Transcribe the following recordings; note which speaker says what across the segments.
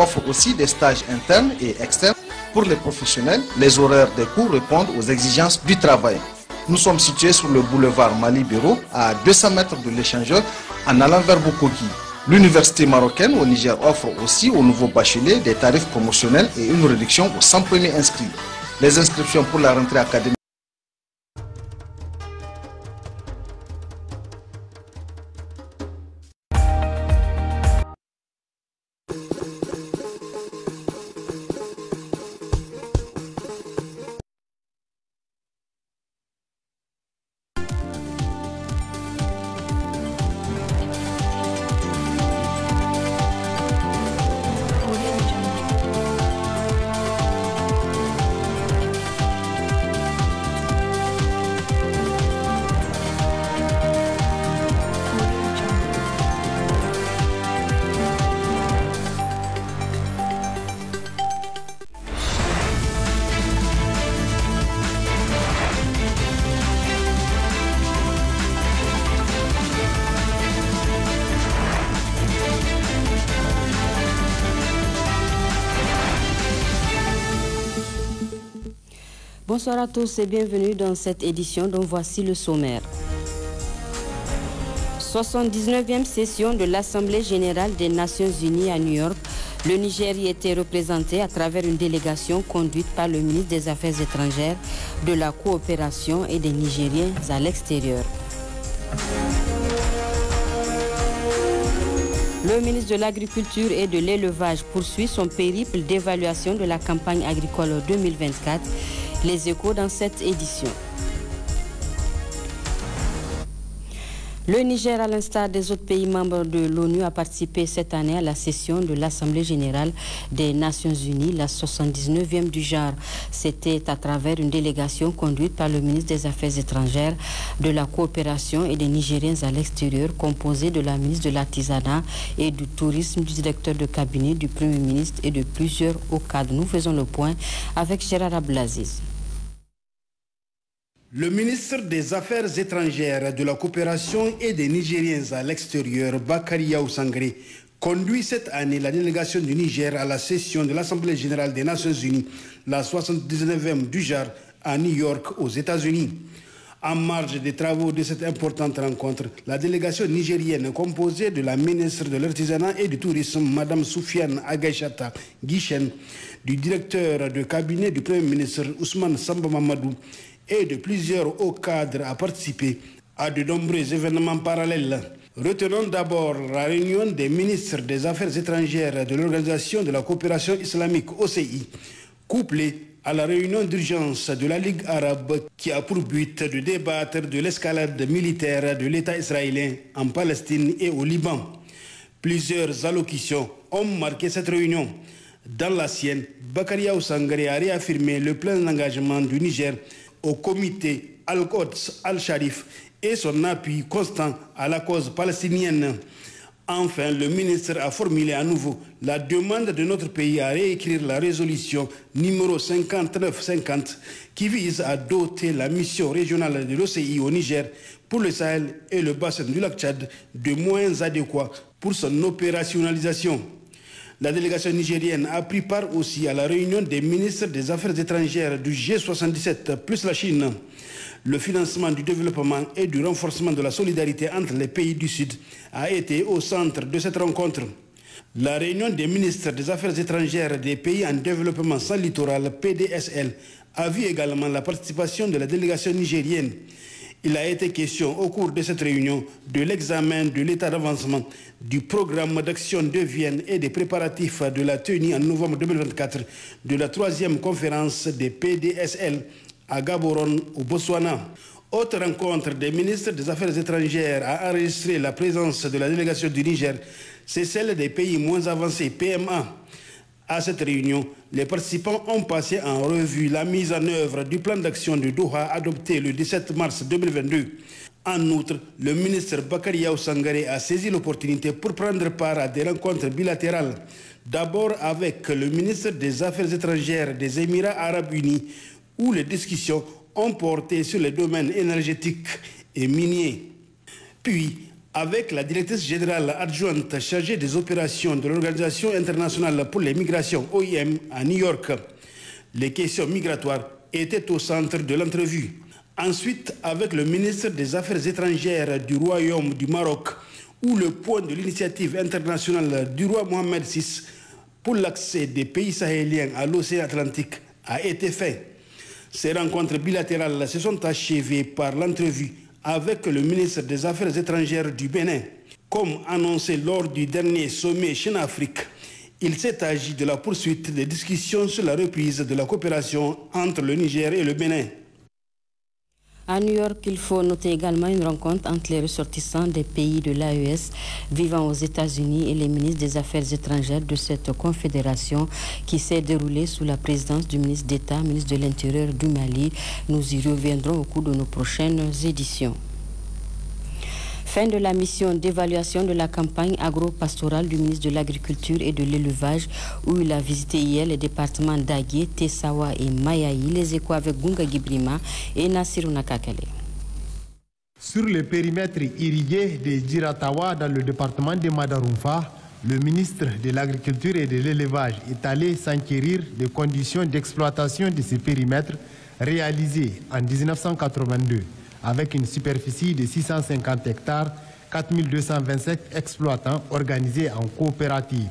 Speaker 1: offre aussi des stages internes et externes pour les professionnels. Les horaires des cours répondent aux exigences du travail. Nous sommes situés sur le boulevard Mali Bureau, à 200 mètres de l'échangeur, en allant vers Bukoki. L'université marocaine au Niger offre aussi aux nouveaux bacheliers des tarifs promotionnels et une réduction aux 100 premiers inscrits. Les inscriptions pour la
Speaker 2: rentrée académique
Speaker 3: à tous et bienvenue dans cette édition dont voici le sommaire. 79e session de l'Assemblée générale des Nations unies à New York. Le Niger y était représenté à travers une délégation conduite par le ministre des Affaires étrangères, de la coopération et des Nigériens à l'extérieur. Le ministre de l'Agriculture et de l'Élevage poursuit son périple d'évaluation de la campagne agricole 2024. Les échos dans cette édition. Le Niger, à l'instar des autres pays membres de l'ONU, a participé cette année à la session de l'Assemblée générale des Nations unies, la 79e du genre. C'était à travers une délégation conduite par le ministre des Affaires étrangères, de la coopération et des Nigériens à l'extérieur, composée de la ministre de l'Artisanat et du Tourisme, du directeur de cabinet du Premier ministre et de plusieurs hauts cadres. Nous faisons le point avec Gérard Ablaziz.
Speaker 4: Le ministre des Affaires étrangères, de la coopération et des Nigériens à l'extérieur, Bakaria Sangré, conduit cette année la délégation du Niger à la session de l'Assemblée générale des Nations Unies, la 79e du JAR, à New York, aux États-Unis. En marge des travaux de cette importante rencontre, la délégation nigérienne composée de la ministre de l'Artisanat et du Tourisme, Madame Soufiane Agachata Guichen, du directeur de cabinet du Premier ministre Ousmane Samba Mamadou, et de plusieurs hauts cadres à participer à de nombreux événements parallèles. Retenons d'abord la réunion des ministres des Affaires étrangères de l'Organisation de la coopération islamique OCI, couplée à la réunion d'urgence de la Ligue arabe qui a pour but de débattre de l'escalade militaire de l'État israélien en Palestine et au Liban. Plusieurs allocutions ont marqué cette réunion. Dans la sienne, Bakaria Oussangari a réaffirmé le plein engagement du Niger au comité Al-Qods Al-Sharif et son appui constant à la cause palestinienne. Enfin, le ministre a formulé à nouveau la demande de notre pays à réécrire la résolution numéro 5950 qui vise à doter la mission régionale de l'OCI au Niger pour le Sahel et le bassin du lac Tchad de moyens adéquats pour son opérationnalisation. La délégation nigérienne a pris part aussi à la réunion des ministres des Affaires étrangères du G77 plus la Chine. Le financement du développement et du renforcement de la solidarité entre les pays du Sud a été au centre de cette rencontre. La réunion des ministres des Affaires étrangères des pays en développement sans littoral, PDSL, a vu également la participation de la délégation nigérienne. Il a été question au cours de cette réunion de l'examen de l'état d'avancement du programme d'action de Vienne et des préparatifs de la tenue en novembre 2024 de la troisième conférence des PDSL à Gaborone ou Botswana. Autre rencontre des ministres des Affaires étrangères a enregistré la présence de la délégation du Niger, c'est celle des pays moins avancés PMA. À cette réunion, les participants ont passé en revue la mise en œuvre du plan d'action de Doha adopté le 17 mars 2022. En outre, le ministre Bakary Sangare a saisi l'opportunité pour prendre part à des rencontres bilatérales. D'abord avec le ministre des Affaires étrangères des Émirats arabes unis, où les discussions ont porté sur les domaines énergétiques et miniers. Puis, avec la directrice générale adjointe chargée des opérations de l'Organisation internationale pour les migrations, OIM, à New York. Les questions migratoires étaient au centre de l'entrevue. Ensuite, avec le ministre des Affaires étrangères du Royaume du Maroc, où le point de l'initiative internationale du roi Mohamed VI pour l'accès des pays sahéliens à l'océan Atlantique a été fait. Ces rencontres bilatérales se sont achevées par l'entrevue avec le ministre des Affaires étrangères du Bénin. Comme annoncé lors du dernier sommet Chine-Afrique, il s'est agi de la poursuite des discussions sur la reprise de la coopération entre le Niger et le Bénin.
Speaker 3: À New York, il faut noter également une rencontre entre les ressortissants des pays de l'AES vivant aux États-Unis et les ministres des Affaires étrangères de cette confédération qui s'est déroulée sous la présidence du ministre d'État, ministre de l'Intérieur du Mali. Nous y reviendrons au cours de nos prochaines éditions. Fin de la mission d'évaluation de la campagne agro-pastorale du ministre de l'Agriculture et de l'Élevage, où il a visité hier les départements d'Agué, Tessawa et Mayaï, les échos avec Gunga Gibrima et Nassirou
Speaker 5: Sur le périmètre irrigué des Diratawa dans le département de Madarumfa, le ministre de l'Agriculture et de l'Élevage est allé s'enquérir des conditions d'exploitation de ce périmètre réalisé en 1982 avec une superficie de 650 hectares, 4227 exploitants organisés en coopérative.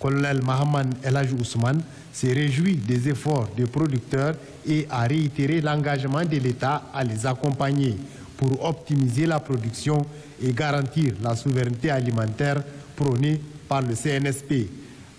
Speaker 5: Colonel Mahaman Elaj Ousmane s'est réjoui des efforts des producteurs et a réitéré l'engagement de l'État à les accompagner pour optimiser la production et garantir la souveraineté alimentaire prônée par le CNSP.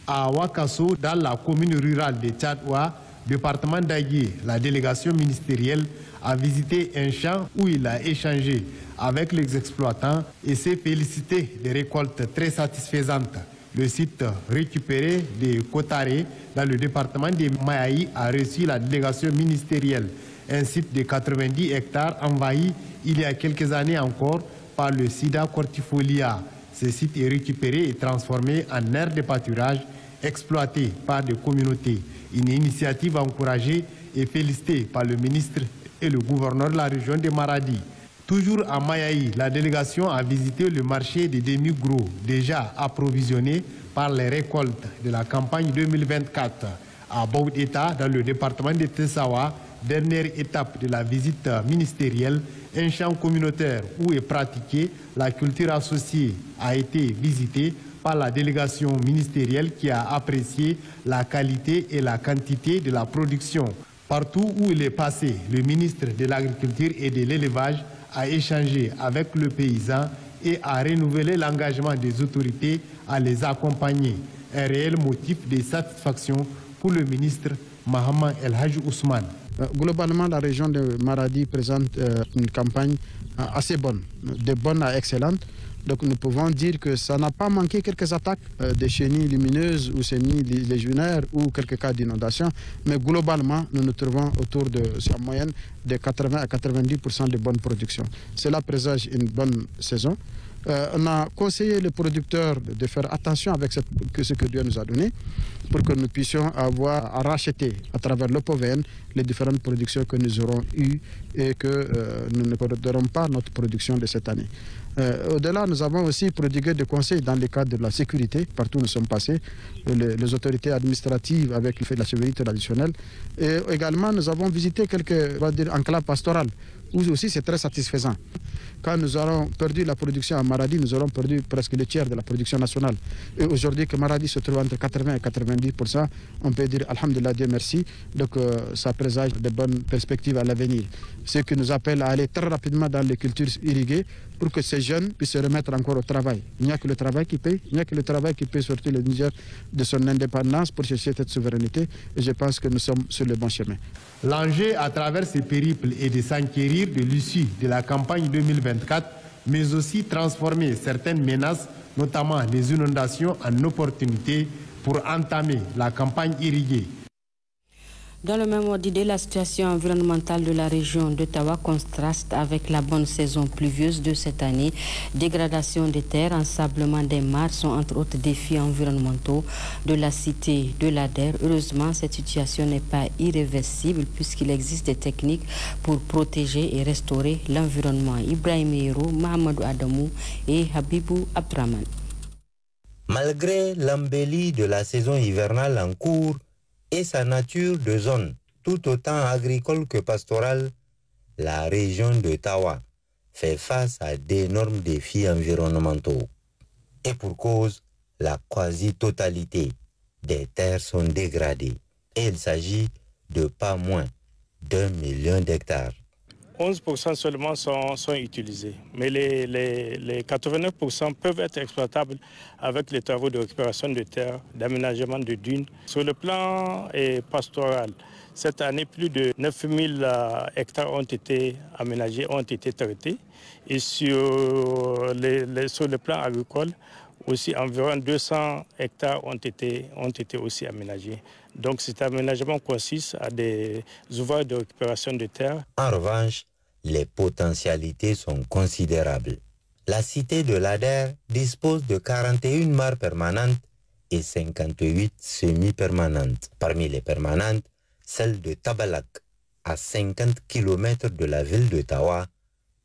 Speaker 5: À Wakasso, dans la commune rurale de Tchadoua, département d'Aïe, la délégation ministérielle a visité un champ où il a échangé avec les exploitants et s'est félicité des récoltes très satisfaisantes. Le site récupéré des Cotarés dans le département des Mayaï a reçu la délégation ministérielle. Un site de 90 hectares envahi il y a quelques années encore par le sida cortifolia. Ce site est récupéré et transformé en aire de pâturage exploité par des communautés. Une initiative encouragée et félicitée par le ministre et le gouverneur de la région de Maradi. Toujours à Mayaï, la délégation a visité le marché des demi-gros, déjà approvisionné par les récoltes de la campagne 2024 à Baudeta, dans le département de Tessawa. Dernière étape de la visite ministérielle, un champ communautaire où est pratiquée la culture associée a été visité par la délégation ministérielle qui a apprécié la qualité et la quantité de la production. Partout où il est passé, le ministre de l'Agriculture et de l'Élevage a échangé avec le paysan et a renouvelé l'engagement des autorités à les accompagner. Un réel motif de
Speaker 6: satisfaction pour le ministre Mahaman El Hajou Ousmane. Euh, globalement, la région de Maradi présente euh, une campagne euh, assez bonne, de bonne à excellente. Donc nous pouvons dire que ça n'a pas manqué quelques attaques de euh, des chenilles lumineuses ou chenilles légionnaires ou quelques cas d'inondation, mais globalement, nous nous trouvons autour de, sur la moyenne, de 80 à 90 de bonnes productions. Cela présage une bonne saison. Euh, on a conseillé les producteurs de faire attention avec que ce que Dieu nous a donné pour que nous puissions avoir à racheter à travers le POVN les différentes productions que nous aurons eues et que euh, nous ne perdrons pas notre production de cette année. Euh, au-delà, nous avons aussi prodigué des conseils dans le cadre de la sécurité. Partout où nous sommes passés, euh, les, autorités administratives avec le fait de la sécurité traditionnelle. Et également, nous avons visité quelques enclaves pastorales nous aussi, c'est très satisfaisant. Quand nous aurons perdu la production à Maradi, nous aurons perdu presque le tiers de la production nationale. Et aujourd'hui, que Maradi se trouve entre 80 et 90 on peut dire Alhamdulillah, Dieu merci. Donc, euh, ça présage de bonnes perspectives à l'avenir. Ce qui nous appelle à aller très rapidement dans les cultures irriguées pour que ces jeunes puissent se remettre encore au travail. Il n'y a que le travail qui paye, il n'y a que le travail qui peut sortir le Niger de son indépendance pour chercher cette souveraineté. Et je pense que nous sommes sur le bon chemin.
Speaker 5: L'enjeu à travers ces périples et de s'enquérir de l'issue de la campagne 2024, mais aussi transformer certaines menaces, notamment les inondations, en opportunités pour entamer la campagne irriguée
Speaker 3: dans le même ordre d'idée, la situation environnementale de la région d'Ottawa contraste avec la bonne saison pluvieuse de cette année. Dégradation des terres, ensablement des mares sont entre autres défis environnementaux de la cité de l'Ader. Heureusement, cette situation n'est pas irréversible puisqu'il existe des techniques pour protéger et restaurer l'environnement. Ibrahim Hiro, Mahamadou Adamou et
Speaker 7: Habibou Abdraman. Malgré l'embellie de la saison hivernale en cours, et sa nature de zone tout autant agricole que pastorale, la région de Tawa fait face à d'énormes défis environnementaux. Et pour cause, la quasi-totalité des terres sont dégradées. Et il s'agit de pas moins d'un million d'hectares.
Speaker 8: 11% seulement sont, utilisés, mais les, 89% peuvent être exploitables avec les travaux de récupération de terre, d'aménagement de dunes. Sur le plan eh, pastoral, cette année, plus de 9000 euh, hectares ont été aménagés, ont été traités. Et sur, sur le plan agricole, aussi environ 200 hectares ont été, ont été aussi aménagés. Donc cet aménagement consiste à des ouvrages de récupération de terre.
Speaker 7: En revanche, les potentialités sont considérables. La cité de l'Ader dispose de 41 mares permanentes et 58 semi-permanentes. Parmi les permanentes, celle de Tabalak, à 50 km de la ville de Tawa,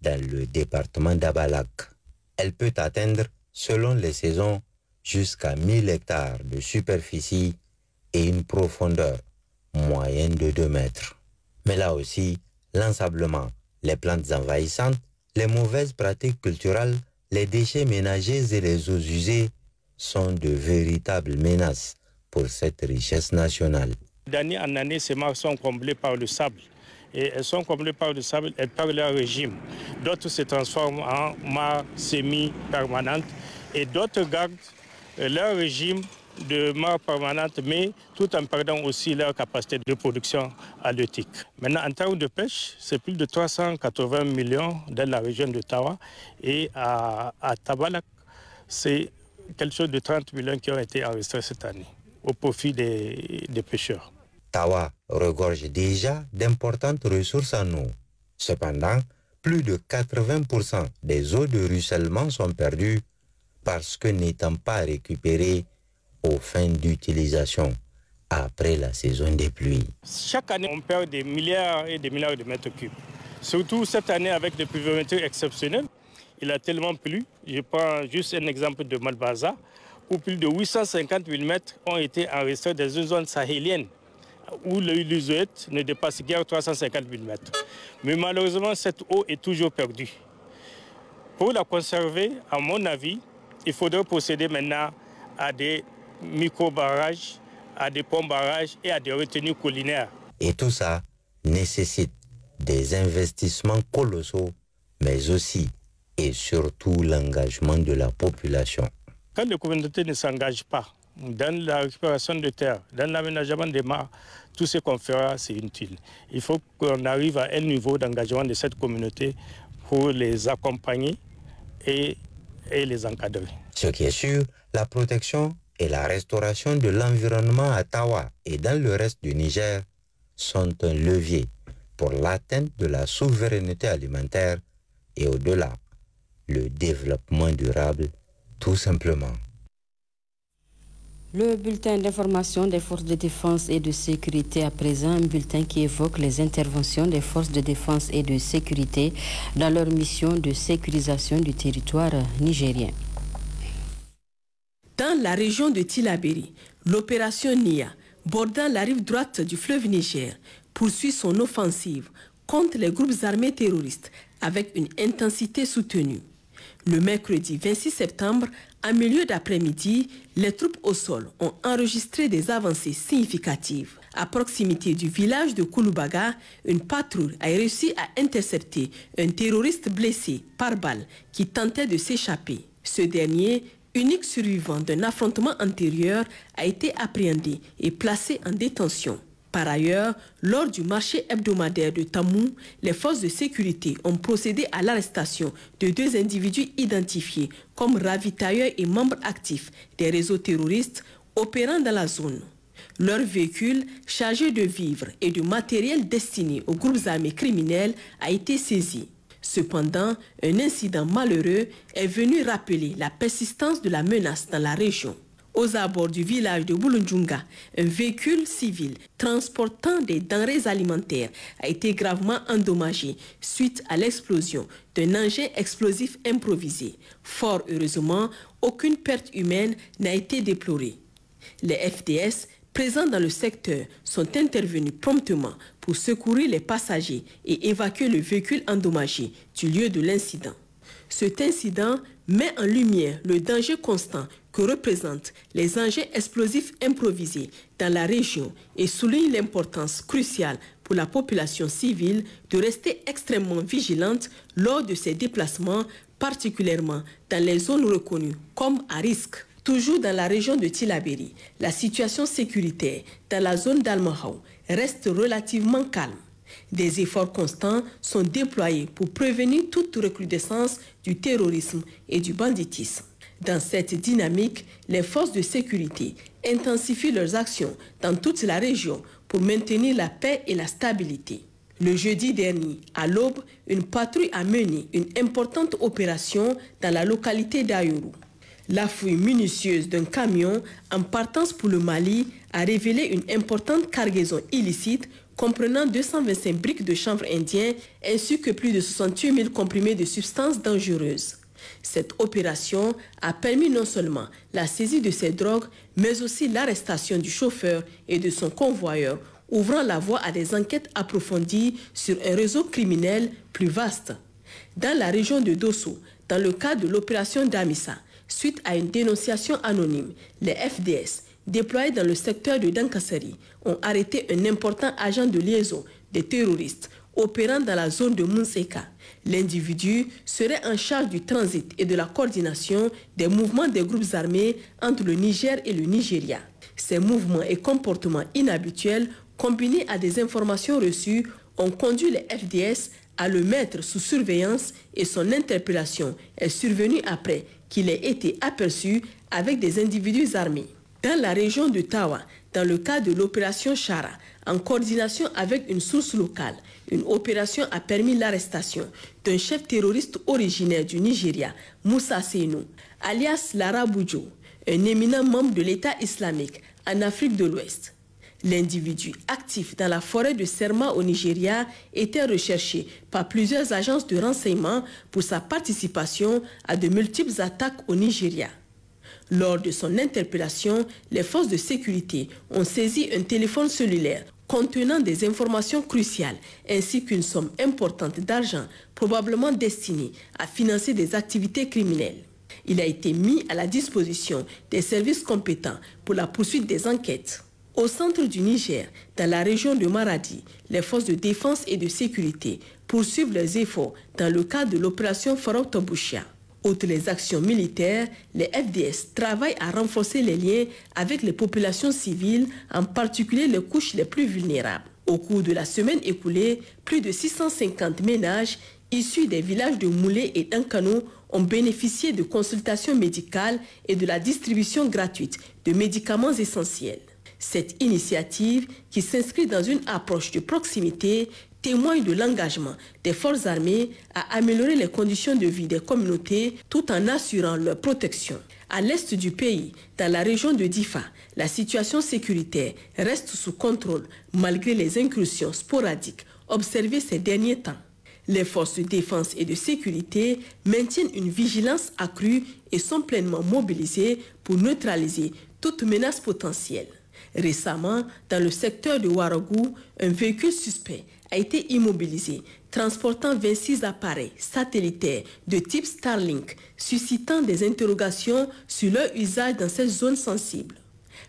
Speaker 7: dans le département d'Abalak. Elle peut atteindre, selon les saisons, jusqu'à 1000 hectares de superficie et une profondeur moyenne de 2 mètres. Mais là aussi, l'ensablement, les plantes envahissantes, les mauvaises pratiques culturelles, les déchets ménagers et les eaux usées sont de véritables menaces pour cette richesse nationale.
Speaker 8: D'année en année, ces mares sont comblés par le sable. Et elles sont comblées par le sable et par leur régime. D'autres se transforment en mares semi-permanentes et d'autres gardent euh, leur régime de mort permanente, mais tout en perdant aussi leur capacité de production halieutique. Maintenant, en termes de pêche, c'est plus de 380 millions dans la région de Tawa et à, Tabalak, c'est quelque chose de 30 millions qui ont été enregistrés cette année au profit
Speaker 7: des, des pêcheurs. Tawa regorge déjà d'importantes ressources en eau. Cependant, plus de 80% des eaux de ruissellement sont perdues parce que n'étant pas récupérées, aux fins d'utilisation après la saison des pluies.
Speaker 8: Chaque année, on perd des milliards et des milliards de mètres cubes. Surtout cette année avec des pluviométries exceptionnelles. Il a tellement plu. Je prends juste un exemple de Malbaza, où plus de 850 000 mètres ont été enregistrés dans une zone sahélienne où l'Usuette ne dépasse guère 350 000 mètres. Mais malheureusement, cette eau est toujours perdue. Pour la conserver, à mon avis, il faudrait procéder maintenant à des micro-barrages, à des ponts barrages et à des retenues collinaires.
Speaker 7: Et tout ça nécessite des investissements colossaux, mais aussi et surtout l'engagement de la population.
Speaker 8: Quand les communautés ne s'engagent pas dans la récupération de terres, dans l'aménagement des mares, tout ce qu'on fera, c'est inutile. Il faut qu'on arrive à un niveau d'engagement de cette communauté pour les accompagner et, et
Speaker 7: les encadrer. Ce qui est sûr, la protection et la restauration de l'environnement à Tawa et dans le reste du Niger sont un levier pour l'atteinte de la souveraineté alimentaire et au-delà, le développement durable tout simplement.
Speaker 3: Le bulletin d'information des forces de défense et de sécurité à présent, un bulletin qui évoque les interventions des forces de défense et de sécurité dans leur mission de sécurisation du territoire nigérien.
Speaker 9: Dans la région de Tilaberi, l'opération NIA, bordant la rive droite du fleuve Niger, poursuit son offensive contre les groupes armés terroristes avec une intensité soutenue. Le mercredi 26 septembre, en milieu d'après-midi, les troupes au sol ont enregistré des avancées significatives. À proximité du village de Kouloubaga, une patrouille a réussi à intercepter un terroriste blessé par balle qui tentait de s'échapper. Ce dernier, unique survivant d'un affrontement antérieur, a été appréhendé et placé en détention. Par ailleurs, lors du marché hebdomadaire de Tamou, les forces de sécurité ont procédé à l'arrestation de deux individus identifiés comme ravitailleurs et membres actifs des réseaux terroristes opérant dans la zone. Leur véhicule, chargé de vivres et de matériel destiné aux groupes armés criminels, a été saisi. Cependant, un incident malheureux est venu rappeler la persistance de la menace dans la région. Aux abords du village de Bulunjunga, un véhicule civil transportant des denrées alimentaires a été gravement endommagé suite à l'explosion d'un engin explosif improvisé. Fort heureusement, aucune perte humaine n'a été déplorée. Les FDS présents dans le secteur sont intervenus promptement pour secourir les passagers et évacuer le véhicule endommagé du lieu de l'incident. Cet incident met en lumière le danger constant que représentent les engins explosifs improvisés dans la région et souligne l'importance cruciale pour la population civile de rester extrêmement vigilante lors de ses déplacements, particulièrement dans les zones reconnues comme à risque. Toujours dans la région de Tilaberi, la situation sécuritaire dans la zone d'Almahou reste relativement calme. Des efforts constants sont déployés pour prévenir toute recrudescence du terrorisme et du banditisme. Dans cette dynamique, les forces de sécurité intensifient leurs actions dans toute la région pour maintenir la paix et la stabilité. Le jeudi dernier, à l'aube, une patrouille a mené une importante opération dans la localité d'Ayuru. La fouille minutieuse d'un camion en partance pour le Mali a révélé une importante cargaison illicite comprenant 225 briques de chanvre indien ainsi que plus de 68 000 comprimés de substances dangereuses. Cette opération a permis non seulement la saisie de ces drogues, mais aussi l'arrestation du chauffeur et de son convoyeur, ouvrant la voie à des enquêtes approfondies sur un réseau criminel plus vaste. Dans la région de Dosso, dans le cadre de l'opération Damissa, suite à une dénonciation anonyme, les FDS, déployés dans le secteur de Dankassari, ont arrêté un important agent de liaison des terroristes opérant dans la zone de Monseka. L'individu serait en charge du transit et de la coordination des mouvements des groupes armés entre le Niger et le Nigeria. Ces mouvements et comportements inhabituels, combinés à des informations reçues, ont conduit les FDS à le mettre sous surveillance et son interpellation est survenue après qu'il ait été aperçu avec des individus armés. Dans la région de Tawa, dans le cadre de l'opération Chara, en coordination avec une source locale, une opération a permis l'arrestation d'un chef terroriste originaire du Nigeria, Moussa Seynou, alias Lara Boudjo, un éminent membre de l'État islamique en Afrique de l'Ouest. L'individu actif dans la forêt de Serma au Nigeria était recherché par plusieurs agences de renseignement pour sa participation à de multiples attaques au Nigeria. Lors de son interpellation, les forces de sécurité ont saisi un téléphone cellulaire contenant des informations cruciales ainsi qu'une somme importante d'argent probablement destinée à financer des activités criminelles. Il a été mis à la disposition des services compétents pour la poursuite des enquêtes. Au centre du Niger, dans la région de Maradi, les forces de défense et de sécurité poursuivent leurs efforts dans le cadre de l'opération Farotobushia. Outre les actions militaires, les FDS travaillent à renforcer les liens avec les populations civiles, en particulier les couches les plus vulnérables. Au cours de la semaine écoulée, plus de 650 ménages issus des villages de Moulé et d'Ankano ont bénéficié de consultations médicales et de la distribution gratuite de médicaments essentiels. Cette initiative, qui s'inscrit dans une approche de proximité, témoigne de l'engagement des forces armées à améliorer les conditions de vie des communautés tout en assurant leur protection. À l'est du pays, dans la région de Difa, la situation sécuritaire reste sous contrôle malgré les incursions sporadiques observées ces derniers temps. Les forces de défense et de sécurité maintiennent une vigilance accrue et sont pleinement mobilisées pour neutraliser toute menace potentielle. Récemment, dans le secteur de Waragou, un véhicule suspect a été immobilisé, transportant 26 appareils satellitaires de type Starlink, suscitant des interrogations sur leur usage dans cette zone sensible.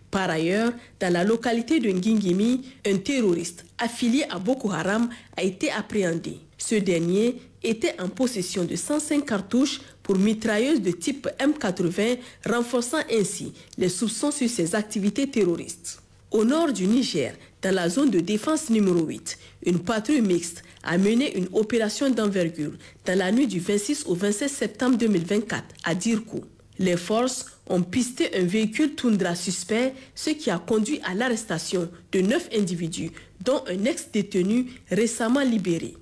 Speaker 9: Par ailleurs, dans la localité de Ngingimi, un terroriste affilié à Boko Haram a été appréhendé. Ce dernier était en possession de 105 cartouches pour mitrailleuse de type M80, renforçant ainsi les soupçons sur ses activités terroristes. Au nord du Niger, dans la zone de défense numéro 8, une patrouille mixte a mené une opération d'envergure dans la nuit du 26 au 27 septembre 2024 à Dirko. Les forces ont pisté un véhicule Tundra suspect, ce qui a conduit à l'arrestation de neuf individus, dont un ex-détenu récemment libéré.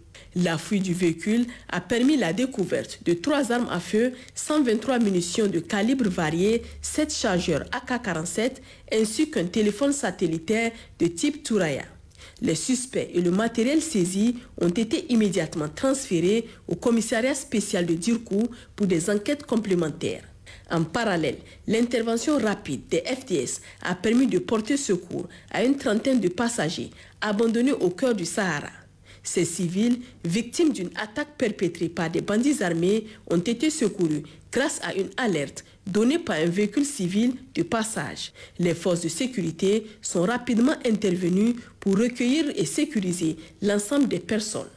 Speaker 9: La fuite du véhicule a permis la découverte de trois armes à feu, 123 munitions de calibre varié, 7 chargeurs AK-47 ainsi qu'un téléphone satellitaire de type Touraya. Les suspects et le matériel saisi ont été immédiatement transférés au commissariat spécial de Dirkou pour des enquêtes complémentaires. En parallèle, l'intervention rapide des FDS a permis de porter secours à une trentaine de passagers abandonnés au cœur du Sahara. Ces civils, victimes d'une attaque perpétrée par des bandits armés, ont été secourus grâce à une alerte donnée par un véhicule civil de passage. Les forces de sécurité sont rapidement intervenues pour recueillir et sécuriser l'ensemble des personnes.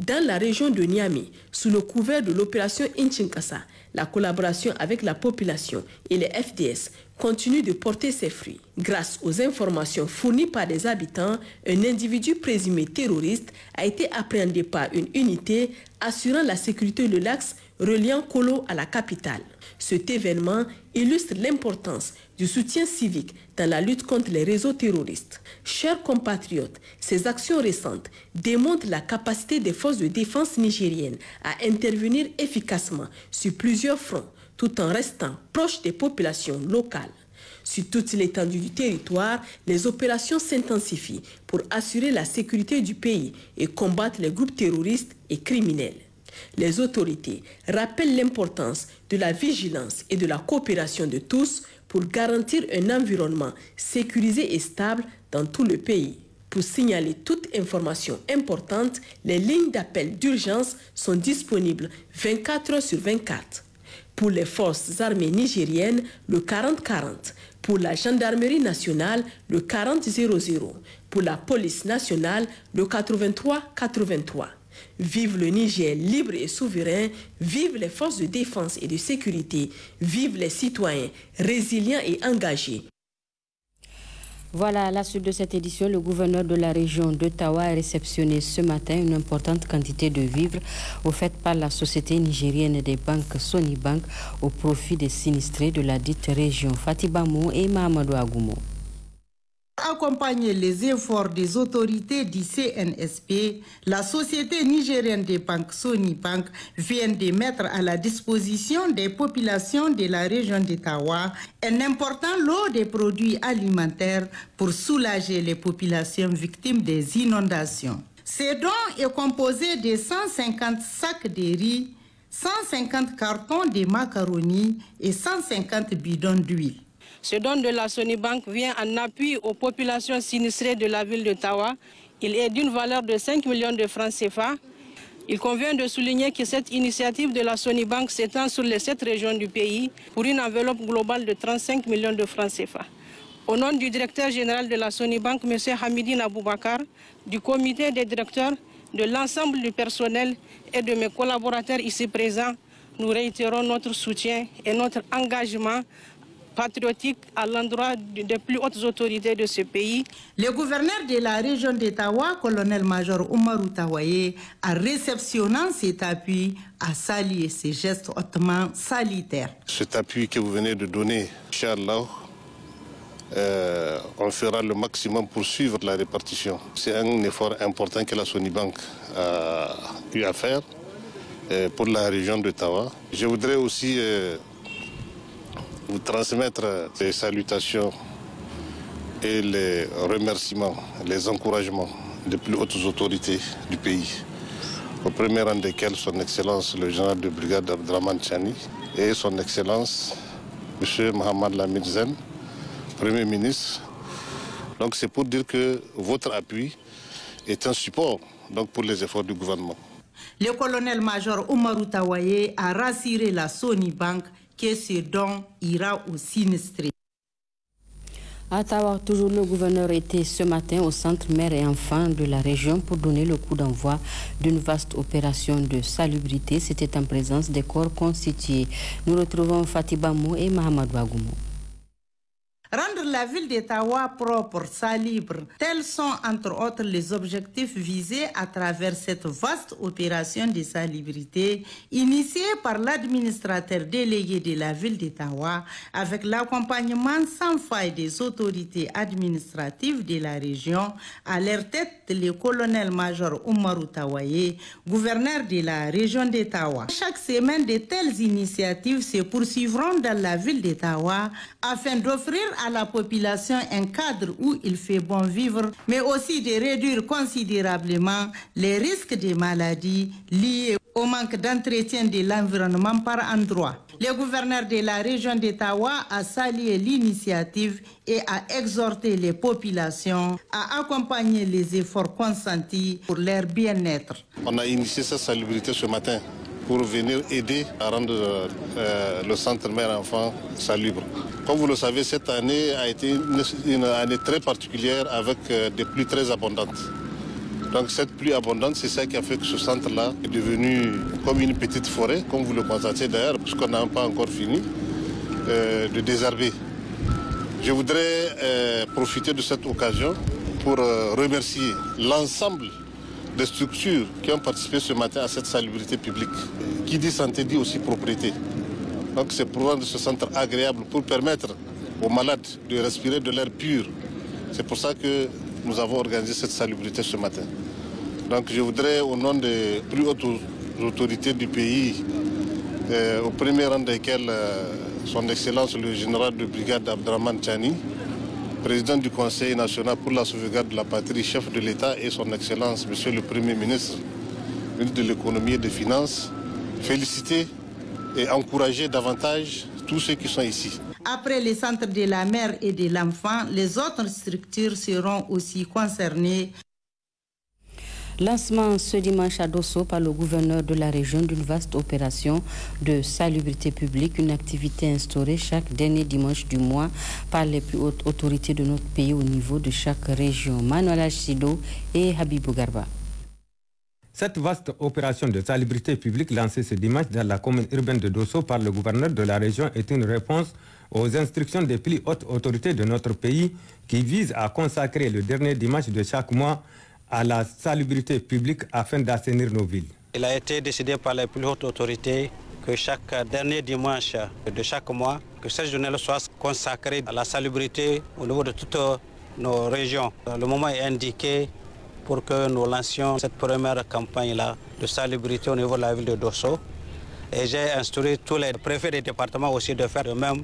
Speaker 9: Dans la région de Niamey, sous le couvert de l'opération Inchinkasa, la collaboration avec la population et les FDS continue de porter ses fruits. Grâce aux informations fournies par des habitants, un individu présumé terroriste a été appréhendé par une unité assurant la sécurité de l'axe reliant Kolo à la capitale. Cet événement illustre l'importance du soutien civique dans la lutte contre les réseaux terroristes. Chers compatriotes, ces actions récentes démontrent la capacité des forces de défense nigériennes à intervenir efficacement sur plusieurs fronts tout en restant proche des populations locales. Sur toute l'étendue du territoire, les opérations s'intensifient pour assurer la sécurité du pays et combattre les groupes terroristes et criminels. Les autorités rappellent l'importance de la vigilance et de la coopération de tous pour garantir un environnement sécurisé et stable dans tout le pays. Pour signaler toute information importante, les lignes d'appel d'urgence sont disponibles 24 heures sur 24. Pour les forces armées nigériennes, le 40-40. Pour la gendarmerie nationale, le 40-00. Pour la police nationale, le 83-83. Vive le Niger libre et souverain, vive les forces de défense et de sécurité, vive les citoyens résilients et engagés.
Speaker 3: Voilà, à la suite de cette édition, le gouverneur de la région d'Ottawa a réceptionné ce matin une importante quantité de vivres offerte par la société nigérienne des banques Sony Bank au profit des sinistrés de la dite région Fatibamo et Mahamadou Agoumo
Speaker 10: accompagner les efforts des autorités du CNSP, la société nigérienne de banques Sony Bank vient de mettre à la disposition des populations de la région Tawa un important lot de produits alimentaires pour soulager les populations victimes des inondations. Ce don est composé de 150 sacs de riz, 150 cartons de macaroni et
Speaker 11: 150
Speaker 10: bidons d'huile.
Speaker 11: Ce don de la Bank vient en appui aux populations sinistrées de la ville de Tawa. Il est d'une valeur de 5 millions de francs CFA. Il convient de souligner que cette initiative de la Bank s'étend sur les sept régions du pays pour une enveloppe globale de 35 millions de francs CFA. Au nom du directeur général de la Bank, M. Hamidine Aboubakar, du comité des directeurs, de l'ensemble du personnel et de mes collaborateurs ici présents, nous réitérons notre soutien et notre engagement patriotique à l'endroit des plus hautes autorités de ce pays.
Speaker 10: Le gouverneur de la région d'Etawa, colonel-major Omar Tawaye, a réceptionné cet appui, a salué ces gestes hautement salitaires.
Speaker 12: Cet appui que vous venez de donner, Charles euh, on fera le maximum pour suivre la répartition. C'est un effort important que la Sonibank a eu à faire euh, pour la région d'Ottawa. Je voudrais aussi euh, vous transmettre les salutations et les remerciements, les encouragements des plus hautes autorités du pays, au premier rang desquels son Excellence le général de brigade Abdraman Chani et son Excellence M. Mohamed Lamid Premier ministre. Donc c'est pour dire que votre appui est un support donc, pour les efforts du gouvernement.
Speaker 10: Le colonel-major Omar Tawaye a rassuré la Sony Bank que ce don ira au sinistré.
Speaker 3: À Tawa, toujours le gouverneur était ce matin au centre mère et enfant de la région pour donner le coup d'envoi d'une vaste opération de salubrité. C'était en présence des corps constitués. Nous retrouvons Fatiba Mou et Mahamadou Agoumou
Speaker 10: la ville d'Etawa propre, sa Tels sont entre autres les objectifs visés à travers cette vaste opération de salubrité initiée par l'administrateur délégué de la ville d'Etawa avec l'accompagnement sans faille des autorités administratives de la région à leur tête le colonel-major Omar Tawaye, gouverneur de la région d'Etawa. Chaque semaine, de telles initiatives se poursuivront dans la ville d'Etawa afin d'offrir à la population population un cadre où il fait bon vivre, mais aussi de réduire considérablement les risques des maladies liés au manque d'entretien de l'environnement par endroit. Le gouverneur de la région d'Ottawa a salué l'initiative et a exhorté les populations à accompagner les efforts consentis pour leur bien-être.
Speaker 12: On a initié sa salubrité ce matin pour venir aider à rendre euh, le centre mère-enfant salubre. Comme vous le savez, cette année a été une, année très particulière avec euh, des pluies très abondantes. Donc cette pluie abondante, c'est ça qui a fait que ce centre-là est devenu comme une petite forêt, comme vous le constatez d'ailleurs, puisqu'on n'a pas encore fini euh, de désherber. Je voudrais profiter de cette occasion pour remercier l'ensemble des structures qui ont participé ce matin à cette salubrité publique. Euh, qui dit santé dit aussi propriété. Donc c'est pour rendre ce centre agréable, pour permettre aux malades de respirer de l'air pur. C'est pour ça que nous avons organisé cette salubrité ce matin. Donc je voudrais, au nom des plus hautes autorités du pays, euh, au premier rang desquelles euh, son Excellence le général de brigade Abdraman Chani, président du Conseil national pour la sauvegarde de la patrie, chef de l'État et son Excellence, Monsieur le Premier ministre, ministre de l'économie et des finances, féliciter et encourager davantage tous ceux qui sont ici.
Speaker 10: Après les centres de la mère et de l'enfant, les autres structures seront aussi concernées.
Speaker 3: Lancement ce dimanche à Dosso par le gouverneur de la région d'une vaste opération de salubrité publique, une activité instaurée chaque dernier dimanche du mois par les plus hautes autorités de notre pays au niveau de chaque région. Manuel Achido et Habibou Garba.
Speaker 13: Cette vaste opération de salubrité publique lancée ce dimanche dans la commune urbaine de Dosso par le gouverneur de la région est une réponse aux instructions des plus hautes autorités de notre pays qui visent à consacrer le dernier dimanche de chaque mois à la salubrité publique afin d'assainir nos villes.
Speaker 14: Il a été décidé par les plus hautes autorités que chaque dernier dimanche de chaque mois, que ce journée soit consacrée à la salubrité au niveau de toutes nos régions. Le moment est indiqué pour que nous lancions cette première campagne-là de salubrité au niveau de la ville de Dosso. Et j'ai instruit tous les préfets des départements aussi de faire de même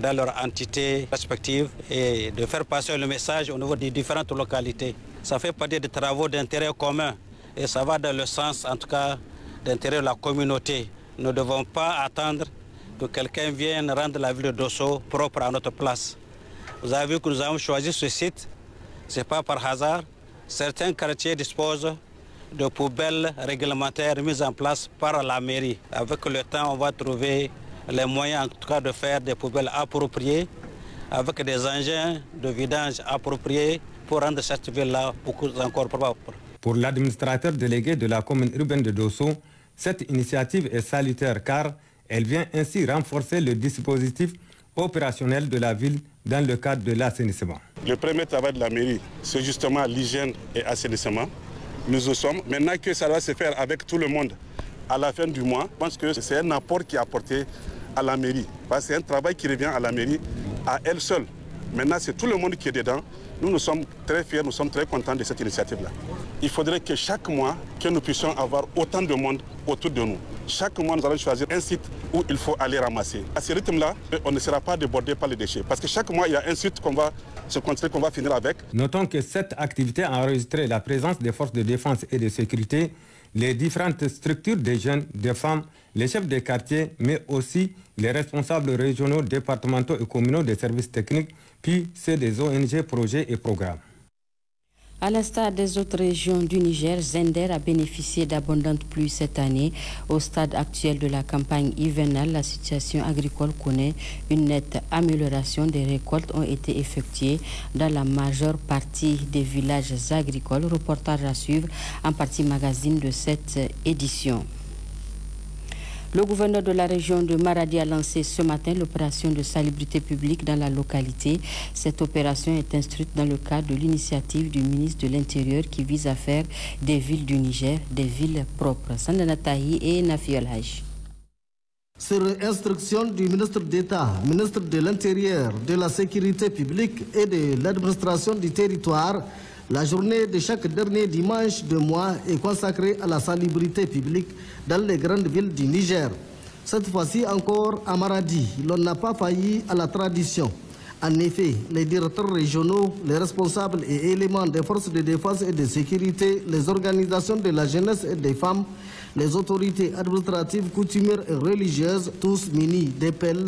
Speaker 14: dans leur entité respective et de faire passer le message au niveau des différentes localités ça fait partie des travaux d'intérêt commun et ça va dans le sens, en tout cas, d'intérêt de la communauté. Nous ne devons pas attendre que quelqu'un vienne rendre la ville de Dosso propre à notre place. Vous avez vu que nous avons choisi ce site, ce n'est pas par hasard. Certains quartiers disposent de poubelles réglementaires mises en place par la mairie. Avec le temps, on va trouver les moyens en tout cas de faire des poubelles appropriées avec des engins de vidange appropriés pour rendre cette ville-là beaucoup encore propre.
Speaker 13: Pour l'administrateur délégué de la commune urbaine de Dosso, cette initiative est salutaire car elle vient ainsi renforcer le dispositif opérationnel de la ville dans le cadre de l'assainissement. Le premier travail de la mairie,
Speaker 15: c'est justement l'hygiène et l'assainissement. Nous nous sommes. Maintenant que ça va se faire avec tout le monde à la fin du mois, je pense que c'est un apport qui est apporté à la mairie. C'est un travail qui revient à la mairie à elle seule. Maintenant, c'est tout le monde qui est dedans. Nous, nous sommes très fiers, nous sommes très contents de cette initiative-là. Il faudrait que chaque mois, que nous puissions avoir autant de monde autour de nous. Chaque mois, nous allons choisir un site où il faut aller ramasser. À ce rythme-là, euh, on ne sera pas débordé par les déchets. Parce que chaque mois, il y a un site qu'on va se concentrer, qu'on va finir avec.
Speaker 13: Notons que cette activité a enregistré la présence des forces de défense et de sécurité, les différentes structures des jeunes, des femmes, les chefs des quartiers, mais aussi les responsables régionaux, départementaux et communaux des services techniques puis c'est des ONG, projets et programmes.
Speaker 3: À l'instar des autres régions du Niger, Zender a bénéficié d'abondantes pluies cette année. Au stade actuel de la campagne hivernale, la situation agricole connaît une nette amélioration. Des récoltes ont été effectuées dans la majeure partie des villages agricoles. Reportage à suivre en partie magazine de cette édition. Le gouverneur de la région de Maradi a lancé ce matin l'opération de salubrité publique dans la localité. Cette opération est instruite dans le cadre de l'initiative du ministre de l'Intérieur qui vise à faire des villes du Niger des villes propres. Sandana Tahi et Nafi
Speaker 16: sur instruction du ministre d'État, ministre de l'Intérieur, de la Sécurité publique et de l'administration du territoire, la journée de chaque dernier dimanche de mois est consacrée à la salubrité publique dans les grandes villes du Niger. Cette fois-ci encore à Maradi, l'on n'a pas failli à la tradition. En effet, les directeurs régionaux, les responsables et éléments des forces de défense et de sécurité, les organisations de la jeunesse et des femmes, les autorités administratives, coutumières et religieuses, tous munis d'épelles,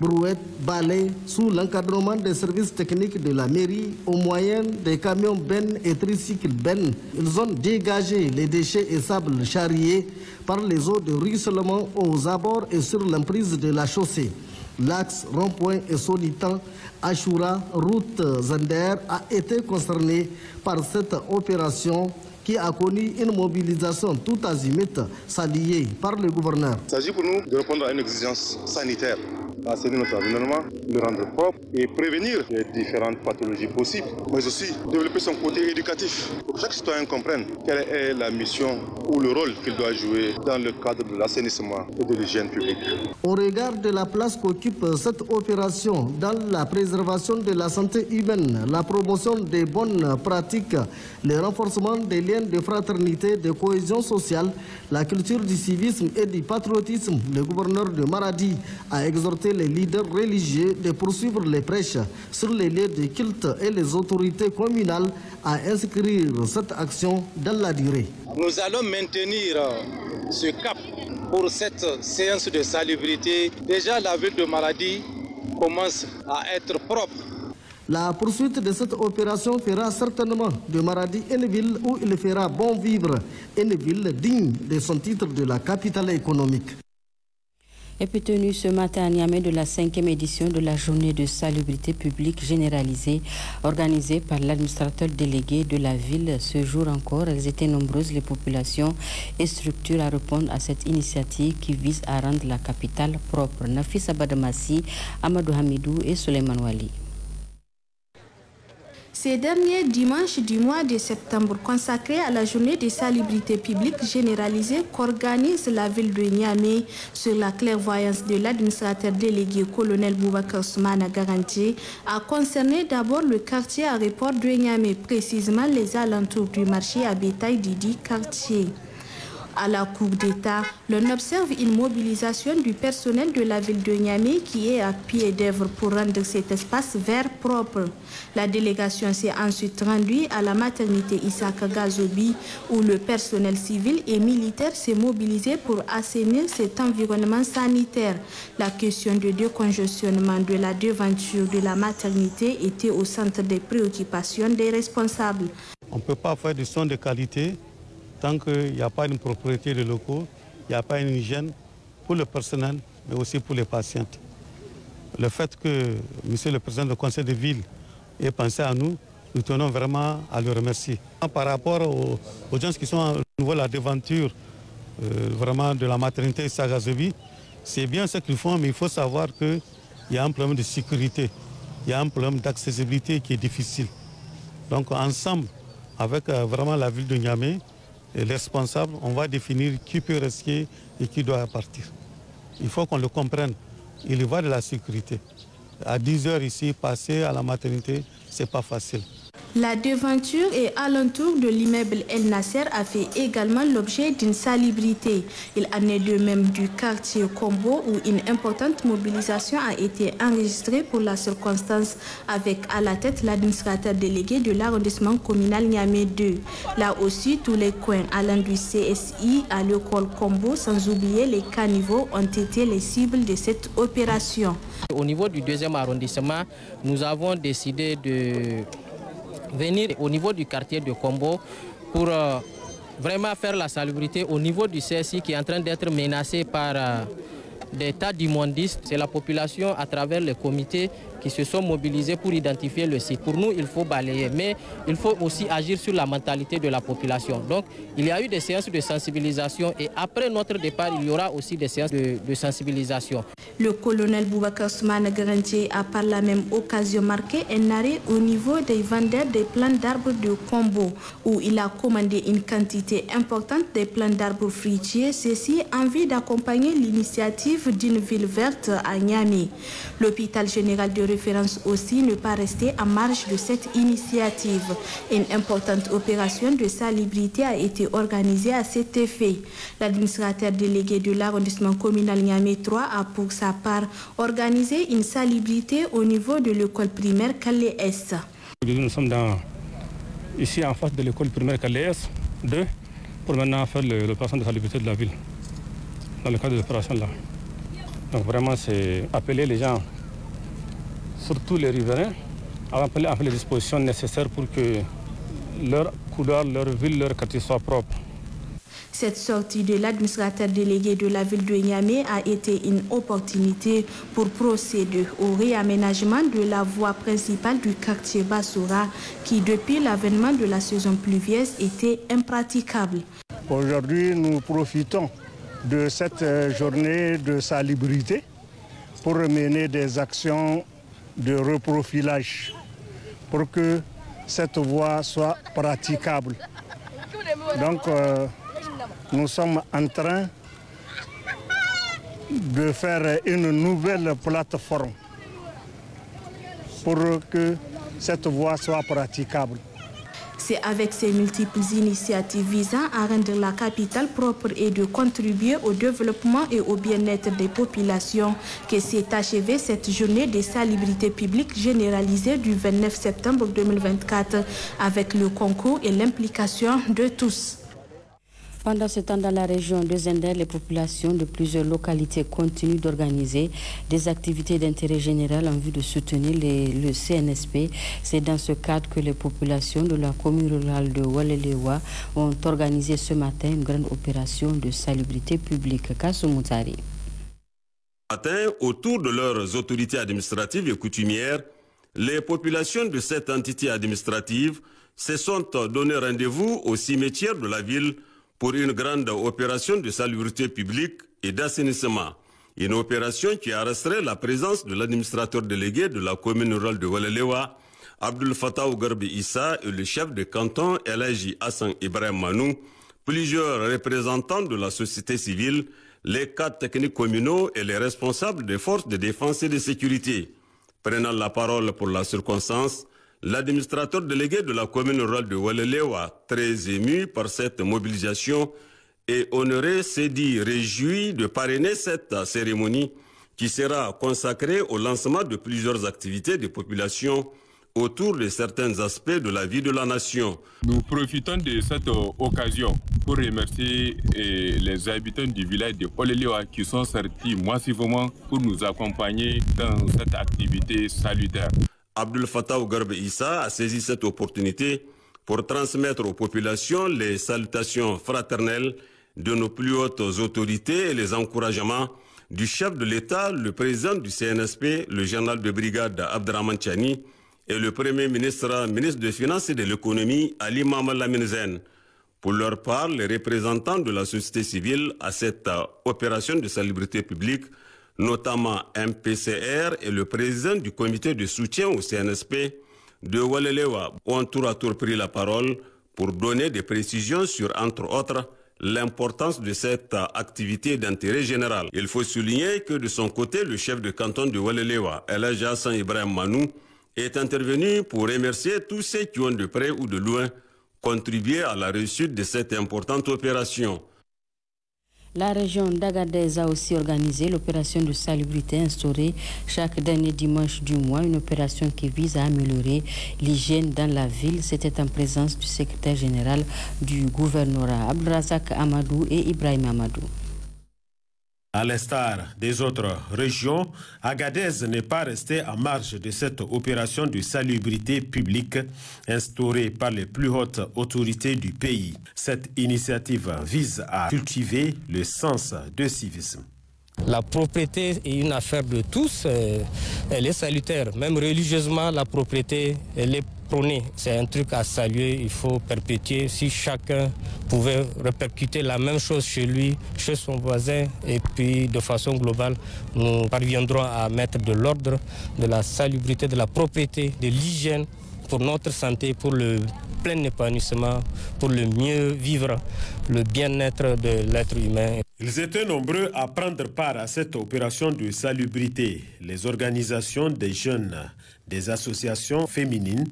Speaker 16: brouettes, balais, sous l'encadrement des services techniques de la mairie, au moyen des camions ben et tricycles ben, Ils ont dégagé les déchets et sables charriés par les eaux de ruissellement aux abords et sur l'emprise de la chaussée. L'axe rond-point et solitant Ashura, route Zender a été concerné par cette opération qui a connu une mobilisation tout azimut, saliée par le gouverneur.
Speaker 17: Il s'agit pour nous de répondre à une exigence sanitaire assainir notre environnement, le rendre propre et prévenir les différentes pathologies possibles, mais aussi développer son côté éducatif pour que chaque citoyen comprenne quelle est la mission ou le rôle qu'il doit jouer dans le cadre de l'assainissement et de l'hygiène publique.
Speaker 16: Au regard de la place qu'occupe cette opération dans la préservation de la santé humaine, la promotion des bonnes pratiques, le renforcement des liens de fraternité, de cohésion sociale, la culture du civisme et du patriotisme, le gouverneur de Maradi a exhorté les leaders religieux de poursuivre les prêches sur les lieux de culte et les autorités communales à inscrire cette action dans la durée.
Speaker 18: Nous allons maintenir ce cap pour cette séance de salubrité. Déjà, la ville de maladie commence à être propre.
Speaker 16: La poursuite de cette opération fera certainement de Maradi une ville où il fera bon vivre, une ville digne de son titre de la capitale économique
Speaker 3: est tenue ce matin à Niamey de la cinquième édition de la journée de salubrité publique généralisée organisée par l'administrateur délégué de la ville. Ce jour encore, elles étaient nombreuses les populations et structures à répondre à cette initiative qui vise à rendre la capitale propre. Nafis Abadamassi, Amadou Hamidou et Soleiman Wali.
Speaker 19: Ces derniers dimanches du mois de septembre, consacrés à la journée des salubrités publiques généralisées qu'organise la ville de Niamey, sur la clairvoyance de l'administrateur délégué colonel Boubacar Soumana Garanti, a concerné d'abord le quartier à report de Niamey, précisément les alentours du marché à bétail dix quartier à la Coupe d'État, l'on observe une mobilisation du personnel de la ville de Niamey qui est à pied d'œuvre pour rendre cet espace vert propre. La délégation s'est ensuite rendue à la maternité Isaac Gazobi où le personnel civil et militaire s'est mobilisé pour assainir cet environnement sanitaire. La question du décongestionnement de la devanture de la maternité était au centre des préoccupations des responsables.
Speaker 20: On ne peut pas faire du son de qualité tant qu'il n'y a pas une propriété de locaux, il n'y a pas une hygiène pour le personnel, mais aussi pour les patientes. Le fait que M. le président du conseil de ville et penser à nous. Nous tenons vraiment à le remercier. Par rapport aux, gens qui sont à nouveau la devanture euh, vraiment de la maternité Sagazobi, c'est bien ce qu'ils font, mais il faut savoir qu'il y a un problème de sécurité, il y a un problème d'accessibilité qui est difficile. Donc ensemble, avec euh, vraiment la ville de Niamey, et les responsables, on va définir qui peut rester et qui doit partir. Il faut qu'on le comprenne. Il y va de la sécurité à 10 heures ici, passer à la maternité, c'est pas facile.
Speaker 19: La devanture et alentour de l'immeuble El Nasser a fait également l'objet d'une salubrité. Il en est de même du quartier Combo où une importante mobilisation a été enregistrée pour la circonstance avec à la tête l'administrateur délégué de l'arrondissement communal Niamey 2. Là aussi, tous les coins allant du CSI à l'école Combo, sans oublier les caniveaux, ont été les cibles de cette opération. Au
Speaker 21: niveau du deuxième arrondissement, nous avons décidé de venir au niveau du quartier de Combo pour euh, vraiment faire la salubrité au niveau du CSI qui est en train d'être menacé par euh, des tas d'immondices. C'est la population à travers le comité qui se sont mobilisés pour identifier le site. Pour nous, il faut balayer, mais il faut aussi agir sur la mentalité de la population. Donc, il y a eu des séances de sensibilisation et après notre départ, il y aura aussi des séances de, sensibilisation.
Speaker 19: Le colonel Boubacar Soumane Garantier a par la même occasion marqué un arrêt au niveau des vendeurs des plants d'arbres de Combo, où il a commandé une quantité importante des plants d'arbres fruitiers, ceci en vue d'accompagner l'initiative d'une ville verte à Niamey. L'hôpital général de référence aussi ne pas rester en marge de cette initiative. Une importante opération de salubrité a été organisée à cet effet. L'administrateur délégué de l'arrondissement communal Niamey 3 a pour sa part organisé une salubrité au niveau de l'école primaire Calais S.
Speaker 8: Nous sommes ici en face de l'école primaire Calais S 2 pour maintenant faire l'opération de salubrité de la ville dans le cadre de l'opération là. Donc vraiment c'est appeler les gens surtout les riverains, à les dispositions nécessaires pour que leur couleur, leur ville, leur quartier soit propre.
Speaker 19: Cette sortie de l'administrateur délégué de la ville de Niamey a été une opportunité pour procéder au réaménagement de la voie principale du quartier Bassoura qui, depuis l'avènement de la saison pluvieuse, était impraticable.
Speaker 22: Aujourd'hui, nous profitons de cette euh, journée de salubrité pour mener des actions de reprofilage pour que cette voie soit praticable. Donc, euh, nous sommes en train de faire une nouvelle plateforme pour que cette voie soit praticable.
Speaker 19: C'est avec ces multiples initiatives visant à rendre la capitale propre et de contribuer au développement et au bien-être des populations que s'est achevée cette journée des salubrités publiques généralisées du 29 septembre 2024 avec le concours et l'implication de tous. Pendant ce temps, dans la région de Zender,
Speaker 3: les populations de plusieurs localités continuent d'organiser des activités d'intérêt général en vue de soutenir le CNSP. C'est dans ce cadre que les populations de la commune rurale de Walelewa ont organisé ce matin une grande opération de salubrité publique. Kasumutari.
Speaker 23: Matin, autour de leurs autorités administratives et coutumières, les populations de cette entité administrative se sont donné rendez-vous au cimetière de la ville pour une grande opération de salubrité publique et d'assainissement. Une opération qui arresterait la présence de l'administrateur délégué de la commune rurale de Walelewa, Abdul Fattah Ougarbi Issa et le chef de canton Elagi Hassan Ibrahim Manou, plusieurs représentants de la société civile, les cadres techniques communaux et les responsables des forces de défense et de sécurité. Prenant la parole pour la circonstance, L'administrateur délégué de la commune rurale de Walelewa, très ému par cette mobilisation et honoré, s'est dit réjoui de parrainer cette cérémonie qui sera consacrée au lancement de plusieurs activités des populations autour de certains aspects de la vie de la nation. Nous profitons de cette euh, occasion pour remercier euh, les habitants du village de Olelewa qui sont sortis massivement pour nous accompagner dans cette activité salutaire. Abdul Fattah Ougarbe Issa a saisi cette opportunité pour transmettre aux populations les salutations fraternelles de nos plus hautes autorités et les encouragements du chef de l'État, le président du CNSP, le général de brigade Abdraman Chani, et le Premier ministre, ministre des Finances et de l'Économie, Ali Mamal Pour leur part, les représentants de la société civile à cette opération de salubrité publique notamment MPCR et le président du comité de soutien au CNSP de Walelewa, ont tour à tour pris la parole pour donner des précisions sur, entre autres, l'importance de cette activité d'intérêt général. Il faut souligner que de son côté, le chef de canton de Walelewa, Elhaj Hassan Ibrahim Manou, est intervenu pour remercier tous ceux qui ont de près ou de loin contribué à la réussite de cette importante opération.
Speaker 3: La région d'Agadez a aussi organisé l'opération de salubrité instaurée chaque dernier dimanche du mois, une opération qui vise à améliorer l'hygiène dans la ville. C'était en présence du secrétaire général du gouvernorat Abdrazak Amadou et Ibrahim Amadou.
Speaker 24: À l'instar des autres régions, Agadez n'est pas resté en marge de cette opération de salubrité publique instaurée par les plus hautes autorités du pays. Cette initiative vise à cultiver le sens de civisme.
Speaker 25: La propriété est une affaire de tous, euh, elle est salutaire. Même religieusement, la propriété, elle est c'est un truc à saluer, il faut perpétuer. Si chacun pouvait répercuter la même chose chez lui, chez son voisin, et puis de façon globale, nous parviendrons à mettre de l'ordre, de la salubrité, de la propriété, de l'hygiène pour notre santé, pour le plein épanouissement, pour le mieux vivre le bien-être de l'être humain. Ils
Speaker 24: étaient nombreux à prendre part à cette opération de salubrité. Les organisations des jeunes, des associations féminines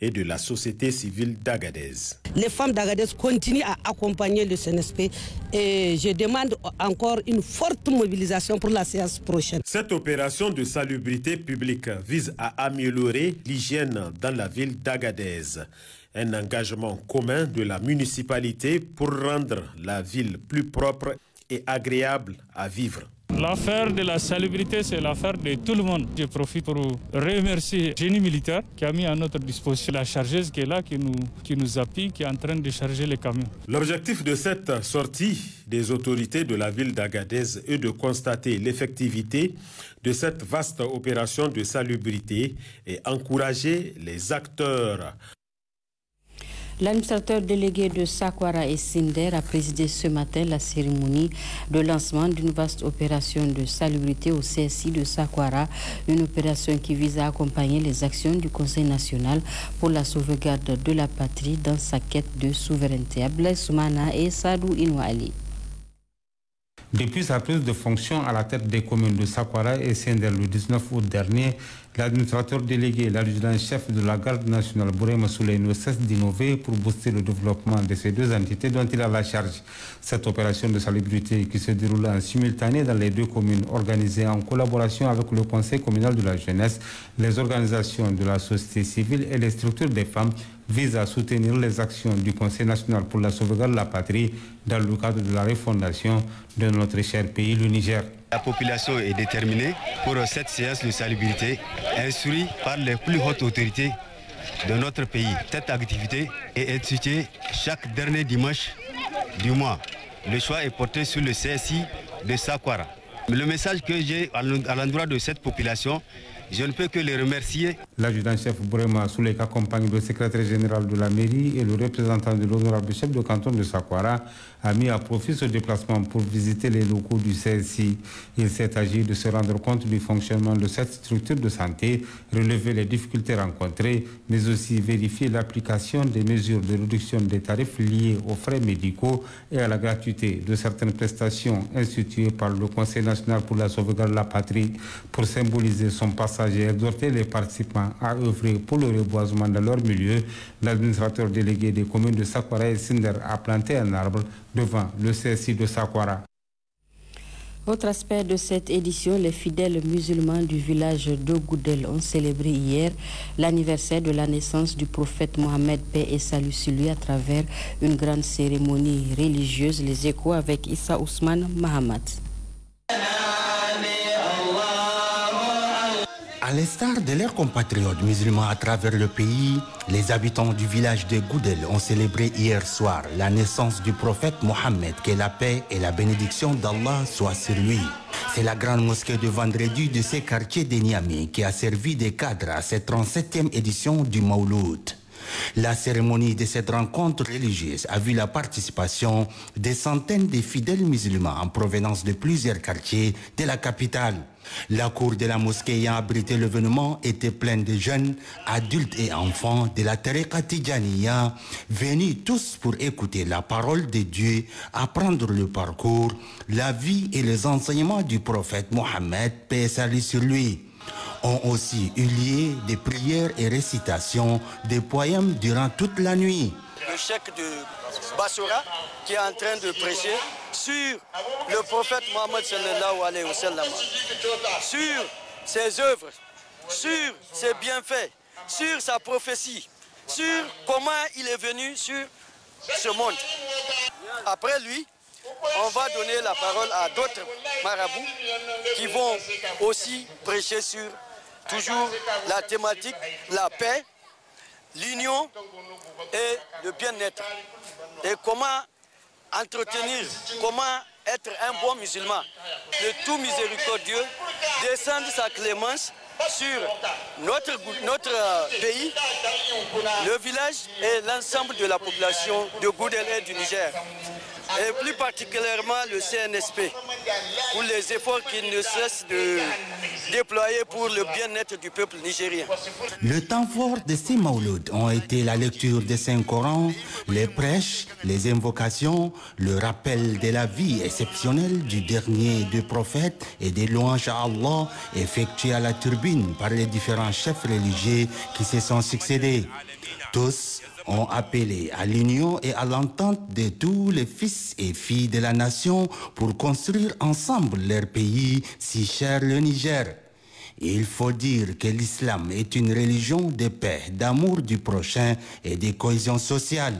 Speaker 24: et de la société civile d'Agadez.
Speaker 26: Les femmes d'Agadez continuent à accompagner le CNSP et je demande encore une forte mobilisation pour la séance prochaine.
Speaker 24: Cette opération de salubrité publique vise à améliorer l'hygiène dans la ville d'Agadez un engagement commun de la municipalité pour rendre la ville plus propre et agréable à vivre.
Speaker 8: L'affaire de la salubrité, c'est l'affaire de tout le monde. Je profite pour remercier Génie Militaire qui a mis à notre disposition la chargeuse qui est là, qui nous, qui nous appuie, qui est en train de charger les camions.
Speaker 24: L'objectif de cette sortie des autorités de la ville d'Agadez est de constater l'effectivité de cette vaste opération de salubrité et encourager les acteurs
Speaker 3: L'administrateur délégué de Sakwara et Sinder a présidé ce matin la cérémonie de lancement d'une vaste opération de salubrité au CSI de Sakwara, une opération qui vise à accompagner les actions du Conseil national pour la sauvegarde de la patrie dans sa quête de souveraineté. Ablaï et Sadou Inouali.
Speaker 27: Depuis sa prise de fonction à la tête des communes de Sakwara et Sender le 19 août dernier, l'administrateur délégué, l'adjudant-chef de la garde nationale, Bourema Souley, ne cesse d'innover pour booster le développement de ces deux entités dont il a la charge. Cette opération de salubrité qui se déroule en simultané dans les deux communes, organisée en collaboration avec le conseil communal de la jeunesse, les organisations de la société civile et les structures des femmes, vise à soutenir les actions du Conseil national pour la sauvegarde de la patrie dans le cadre de la refondation de
Speaker 28: notre cher pays, le Niger. La population est déterminée pour cette séance de salubrité instruite par les plus hautes autorités de notre pays. Cette activité est instituée chaque dernier dimanche du mois. Le choix est porté sur le CSI de Sakwara. Le message que j'ai à l'endroit de cette population, je ne peux que les remercier.
Speaker 27: L'adjudant-chef Bourema Soulek accompagne le secrétaire général de la mairie et le représentant de l'honorable chef de canton de Sakwara a mis à profit ce déplacement pour visiter les locaux du CSI. Il s'est agi de se rendre compte du fonctionnement de cette structure de santé, relever les difficultés rencontrées, mais aussi vérifier l'application des mesures de réduction des tarifs liés aux frais médicaux et à la gratuité de certaines prestations instituées par le Conseil national pour la sauvegarde de la patrie. Pour symboliser son passage et exhorter les participants à œuvrer pour le reboisement de leur milieu, l'administrateur délégué des communes de Sakwara et Sinder a planté un arbre devant le CSI de Sakwara.
Speaker 3: Autre aspect de cette édition, les fidèles musulmans du village de Goudel ont célébré hier l'anniversaire de la naissance du prophète Mohamed, paix et salut sur lui, à travers une grande cérémonie religieuse. Les échos avec Issa Ousmane Mahamat. À l'instar
Speaker 28: de leurs compatriotes musulmans à travers le pays, les habitants du village de Goudel ont célébré hier soir la naissance du prophète Mohammed, que la paix et la bénédiction d'Allah soient sur lui. C'est la grande mosquée de vendredi de ces quartiers de Niamey qui a servi de cadre à cette 37e édition du Mauloud. La cérémonie de cette rencontre religieuse a vu la participation des centaines de fidèles musulmans en provenance de plusieurs quartiers de la capitale. La cour de la mosquée ayant abrité l'événement était pleine de jeunes, adultes et enfants de la terre Tidjaniya, venus tous pour écouter la parole de Dieu, apprendre le parcours, la vie et les enseignements du prophète Mohammed, paix salut sur lui ont aussi eu lieu des prières et récitations des poèmes durant toute la nuit.
Speaker 29: Le chèque de Bassora qui est en train de prêcher sur le prophète Mohammed sur ses œuvres, sur ses bienfaits, sur sa prophétie, sur comment il est venu sur ce monde.
Speaker 30: Après lui,
Speaker 29: on va donner la parole à d'autres marabouts qui vont aussi prêcher sur toujours la thématique, la paix, l'union et le bien-être. Et comment entretenir, comment être un bon musulman. Le tout miséricordieux descendre sa clémence sur notre, notre euh, pays, le village et l'ensemble de la population de Goudel du Niger et plus particulièrement le CNSP, pour les efforts qu'il ne cesse de déployer pour le bien-être du peuple nigérien.
Speaker 28: Le temps fort de ces mawlud ont été la lecture des Saint-Coran, les prêches, les invocations, le rappel de la vie exceptionnelle du dernier des prophètes et des louanges à Allah effectuées à la turbine par les différents chefs religieux qui se sont succédés. Tous ont appelé à l'union et à l'entente de tous les fils et filles de la nation pour construire ensemble leur pays si cher le Niger. Il faut dire que l'islam est une religion de paix, d'amour du prochain et de cohésion sociale.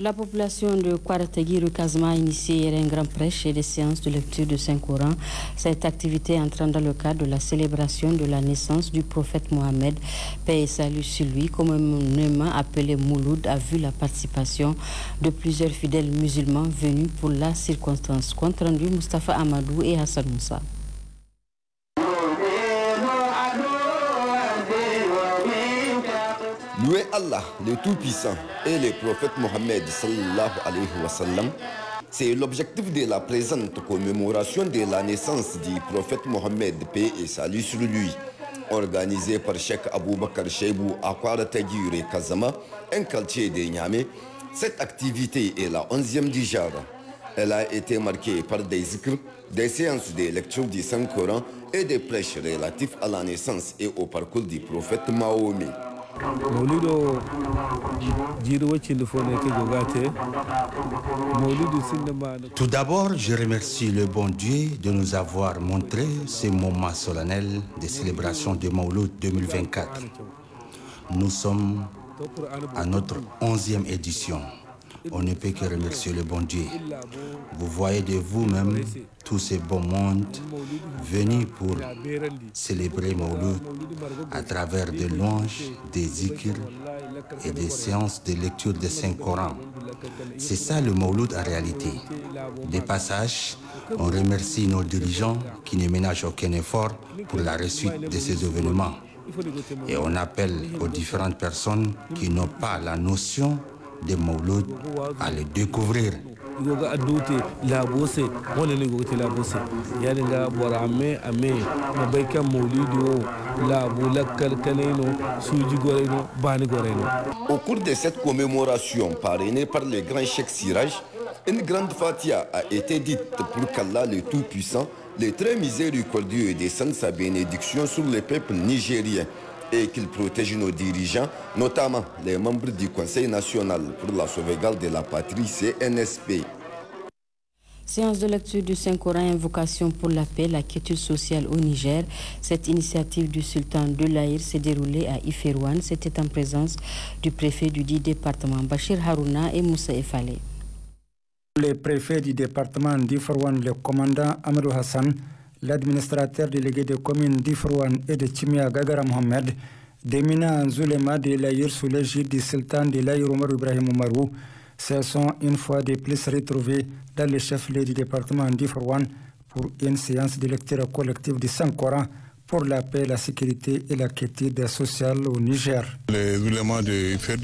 Speaker 3: La population de Kwaratagui Rukazma a initié un grand prêche et des séances de lecture de Saint-Coran. Cette activité entrant dans le cadre de la célébration de la naissance du prophète Mohamed, paix et salut sur lui, communément appelé Mouloud, a vu la participation de plusieurs fidèles musulmans venus pour la circonstance. Compte rendu Mustapha Amadou et Hassan Moussa.
Speaker 2: Louez Allah, le Tout-Puissant, et le prophète Mohammed sallallahu alayhi wa c'est l'objectif de la présente commémoration de la naissance du prophète Mohammed, paix et salut sur lui, organisée par Cheikh Bakar Sheibou à et Kazama, un quartier de Niamey. Cette activité est la 11e du genre. Elle a été marquée par des écrits, des séances de lecture du Saint-Coran et des prêches relatifs à la naissance et au parcours du prophète Mahomet. Tout d'abord, je
Speaker 28: remercie le bon Dieu de nous avoir montré ce moment solennel des célébrations de Mauloud 2024. Nous sommes à notre 11e édition on ne peut que remercier le bon Dieu. Vous voyez de vous-même tous ces beaux mondes venus pour célébrer Maulud à travers des louanges, des zikrs et des séances de lecture des Saint-Coran. C'est ça le Maulud en réalité. Des passages, on remercie nos dirigeants qui ne ménagent aucun effort pour la réussite de ces événements. Et on appelle aux différentes personnes qui n'ont pas la notion de Mouloud à le découvrir.
Speaker 2: au cours de cette commémoration parrainée par le grand cheikh Siraj une grande fatia a été dite pour qu'Allah le tout puissant le très miséricordieux descende sa bénédiction sur le peuple nigérien et qu'il protège nos dirigeants, notamment les membres du Conseil national pour la sauvegarde de la patrie, CNSP.
Speaker 3: Séance de lecture du Saint-Coran, invocation pour la paix, la quiétude sociale au Niger. Cette initiative du sultan de l'Aïr s'est déroulée à Iferouane. C'était en présence du préfet du dit département,
Speaker 31: Bachir Harouna et Moussa Efale. Le préfet du département d'Iferouane, le commandant Amadou Hassan, l'administrateur délégué des communes d'Ifrouane et de Chimia Gagara Mohamed, en zulema de l'Aïr sous l'égide du sultan de l'Aïr Omar Ibrahim Omarou, se sont une fois de plus retrouvés dans les chefs du département d'Ifrouane pour une séance de lecture collective du Saint-Coran pour la paix, la sécurité et la qualité sociale au Niger.
Speaker 32: Les oulémas de Fer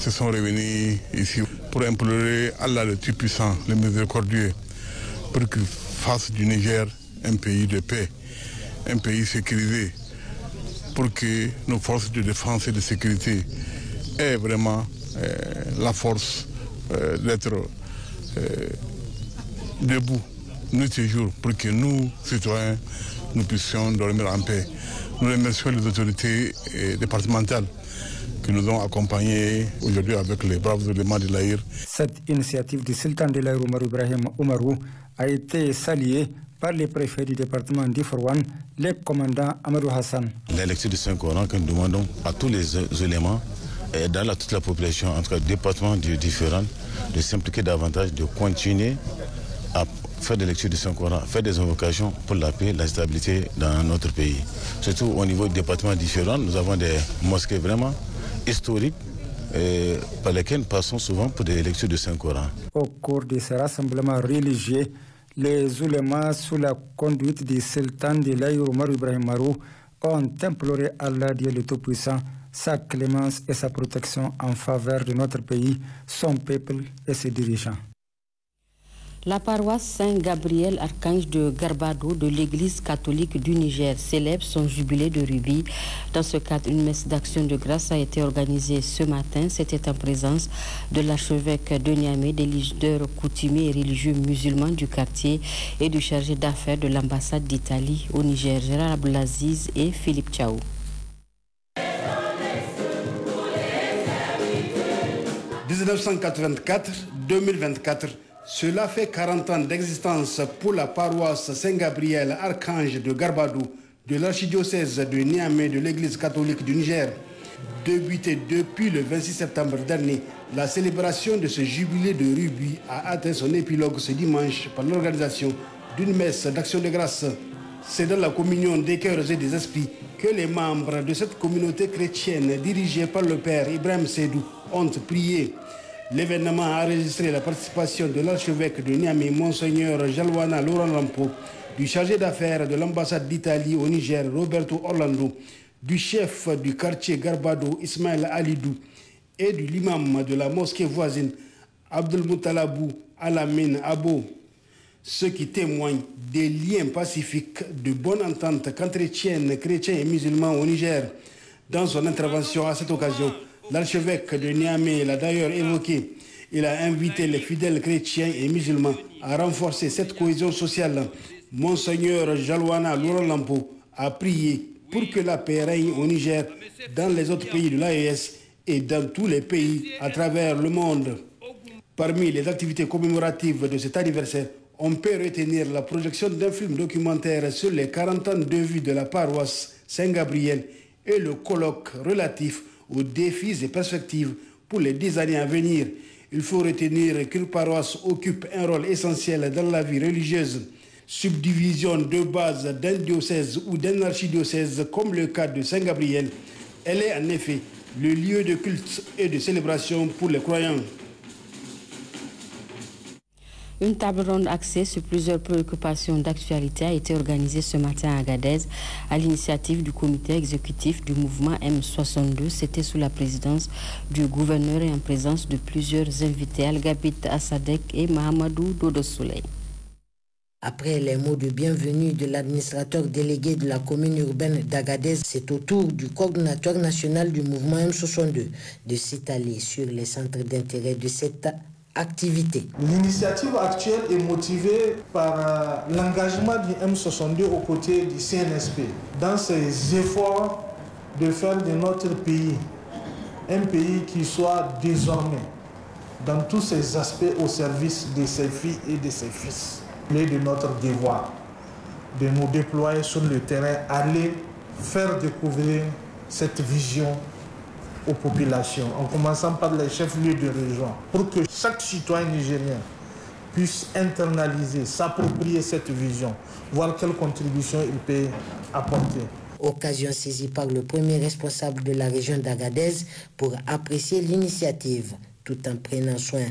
Speaker 32: se sont revenus ici pour implorer Allah le Tout-Puissant, le miséricordieux, pour que face du Niger un pays de paix, un pays sécurisé, pour que nos forces de défense et de sécurité aient vraiment euh, la force euh, d'être euh, debout nuit et jour, pour que nous, citoyens, nous puissions dormir en paix. Nous remercions les autorités départementales qui nous ont accompagnés aujourd'hui avec
Speaker 31: les braves éléments de l'Aïr. Cette initiative du sultan de l'Aïr, Omar Ibrahim Omarou, a été salué par les préfets du département d'Ifrouane, le commandant Amadou Hassan.
Speaker 32: La lecture du Saint-Coran que nous demandons à tous les éléments et dans toute la population, entre le département du différent, de s'impliquer davantage, de continuer à faire des lectures du Saint-Coran, faire des invocations pour la paix, la stabilité dans notre pays. Surtout au niveau du département différents, nous avons des mosquées vraiment historiques par lesquelles nous passons souvent pour des lectures du Saint-Coran.
Speaker 31: Au cours de ces rassemblements religieux, les oulémas sous la conduite du sultan de l'Aïr Omar Ibrahim Marou ont imploré Allah Dieu le Tout-Puissant sa clémence et sa protection en faveur de notre pays, son peuple et ses dirigeants.
Speaker 3: La paroisse Saint-Gabriel Archange de Garbado de l'Église catholique du Niger célèbre son jubilé de rubis. Dans ce cadre, une messe d'action de grâce a été organisée ce matin. C'était en présence de l'archevêque de Niamey, des leaders coutumiers et religieux musulmans du quartier et du chargé d'affaires de l'ambassade d'Italie au Niger, Gérard Blaziz et Philippe Tchao.
Speaker 4: « 1984-2024 cela fait 40 ans d'existence pour la paroisse Saint-Gabriel, archange de Garbadou, de l'archidiocèse de Niamey de l'Église catholique du Niger. Débutée depuis le 26 septembre dernier, la célébration de ce jubilé de Ruby a atteint son épilogue ce dimanche par l'organisation d'une messe d'action de grâce. C'est dans la communion des cœurs et des esprits que les membres de cette communauté chrétienne dirigée par le Père Ibrahim Sédou ont prié. L'événement a enregistré la participation de l'archevêque de Niamey, Monseigneur Jalwana Laurent Lampo, du chargé d'affaires de l'ambassade d'Italie au Niger, Roberto Orlando, du chef du quartier Garbado, Ismaël Alidou, et du l'imam de la mosquée voisine, Abdelmoutalabou Alamine Abo, ce qui témoigne des liens pacifiques de bonne entente qu'entretiennent chrétiens et musulmans au Niger. Dans son intervention à cette occasion, L'archevêque de Niamey l'a d'ailleurs évoqué. Il a invité les fidèles chrétiens et musulmans à renforcer cette cohésion sociale. Monseigneur Jalouana Lampo a prié pour que la paix règne au Niger, dans les autres pays de l'AES et dans tous les pays à travers le monde. Parmi les activités commémoratives de cet anniversaire, on peut retenir la projection d'un film documentaire sur les 40 ans de vie de la paroisse Saint-Gabriel et le colloque relatif aux défis et perspectives pour les dix années à venir. Il faut retenir qu'une paroisse occupe un rôle essentiel dans la vie religieuse. Subdivision de base d'un diocèse ou d'un archidiocèse, comme le cas de Saint-Gabriel, elle est en effet le lieu de culte et de célébration pour les croyants.
Speaker 3: Une table ronde axée sur plusieurs préoccupations d'actualité a été organisée ce matin à Agadez à l'initiative du comité exécutif du mouvement M62. C'était sous la présidence du gouverneur et en présence de plusieurs invités, Al-Gabit Assadek et Mahamadou Dodo Soleil.
Speaker 26: Après les mots de bienvenue de l'administrateur délégué de la commune urbaine d'Agadez, c'est au tour du coordinateur national du mouvement M62 de s'étaler sur les centres d'intérêt de cette L'initiative actuelle est motivée
Speaker 1: par euh, l'engagement du M62 aux côtés du CNSP dans ses efforts de faire de notre pays un pays qui soit désormais dans tous ses aspects au service de ses filles et de ses fils. Mais de notre devoir de nous déployer sur le terrain, aller faire découvrir cette vision aux populations, en commençant par les chefs-lieux de région, pour que chaque citoyen nigérien puisse internaliser,
Speaker 26: s'approprier cette vision, voir quelle contribution il peut apporter. Occasion saisie par le premier responsable de la région d'Agadez pour apprécier l'initiative, tout en prenant soin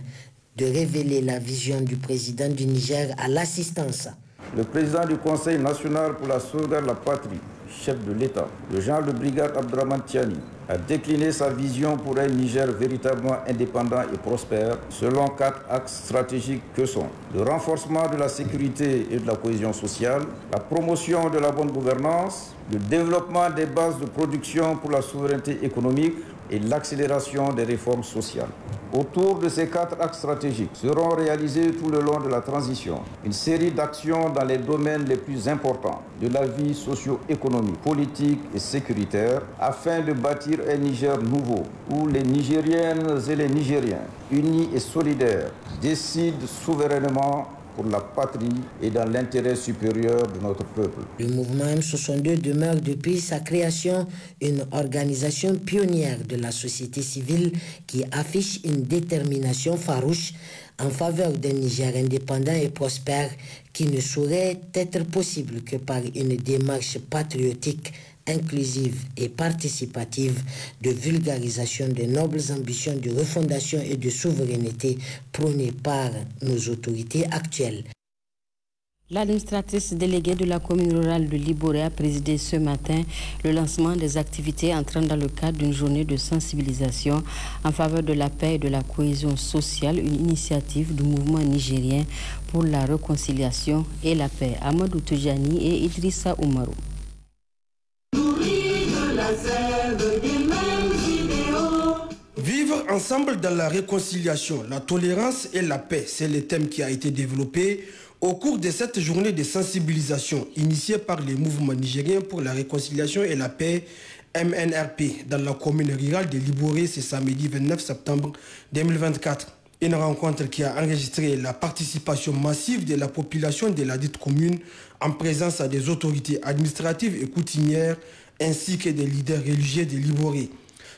Speaker 26: de révéler la vision du président du Niger à
Speaker 29: l'assistance. Le président du Conseil national pour la sauvegarde de la patrie chef de l'État, le général de brigade Abdraman Tiani, a décliné sa vision pour un Niger véritablement indépendant et prospère selon quatre axes stratégiques que sont le renforcement de la sécurité et de la cohésion sociale, la promotion de la bonne gouvernance, le développement des bases de production pour la souveraineté économique, et l'accélération des réformes sociales. Autour de ces quatre axes stratégiques seront réalisées tout le long de la transition une série d'actions dans les domaines les plus importants de la vie socio-économique, politique et sécuritaire afin de bâtir un Niger nouveau où les Nigériennes et les Nigériens, unis et solidaires, décident souverainement la patrie et dans l'intérêt supérieur de notre peuple. Le
Speaker 26: mouvement M62 demeure depuis sa création une organisation pionnière de la société civile qui affiche une détermination farouche en faveur d'un Niger indépendant et prospère qui ne saurait être possible que par une démarche patriotique inclusive et participative de vulgarisation des nobles ambitions de refondation et de souveraineté prônées par nos autorités actuelles.
Speaker 3: L'administratrice déléguée de la commune rurale de Liboré a présidé ce matin le lancement des activités entrant dans le cadre d'une journée de sensibilisation en faveur de la paix et de la cohésion sociale, une initiative du mouvement nigérien pour la réconciliation et la paix. Amadou Toujani et Idrissa Oumarou.
Speaker 33: Vivre ensemble dans la réconciliation, la tolérance et la paix, c'est le thème qui a été développé au cours de cette journée de sensibilisation initiée par les mouvements nigériens pour la réconciliation et la paix, MNRP, dans la commune rurale de Liboré ce samedi 29 septembre 2024. Une rencontre qui a enregistré la participation massive de la population de la dite commune en présence des autorités administratives et coutumières ainsi que des leaders religieux de Liboré.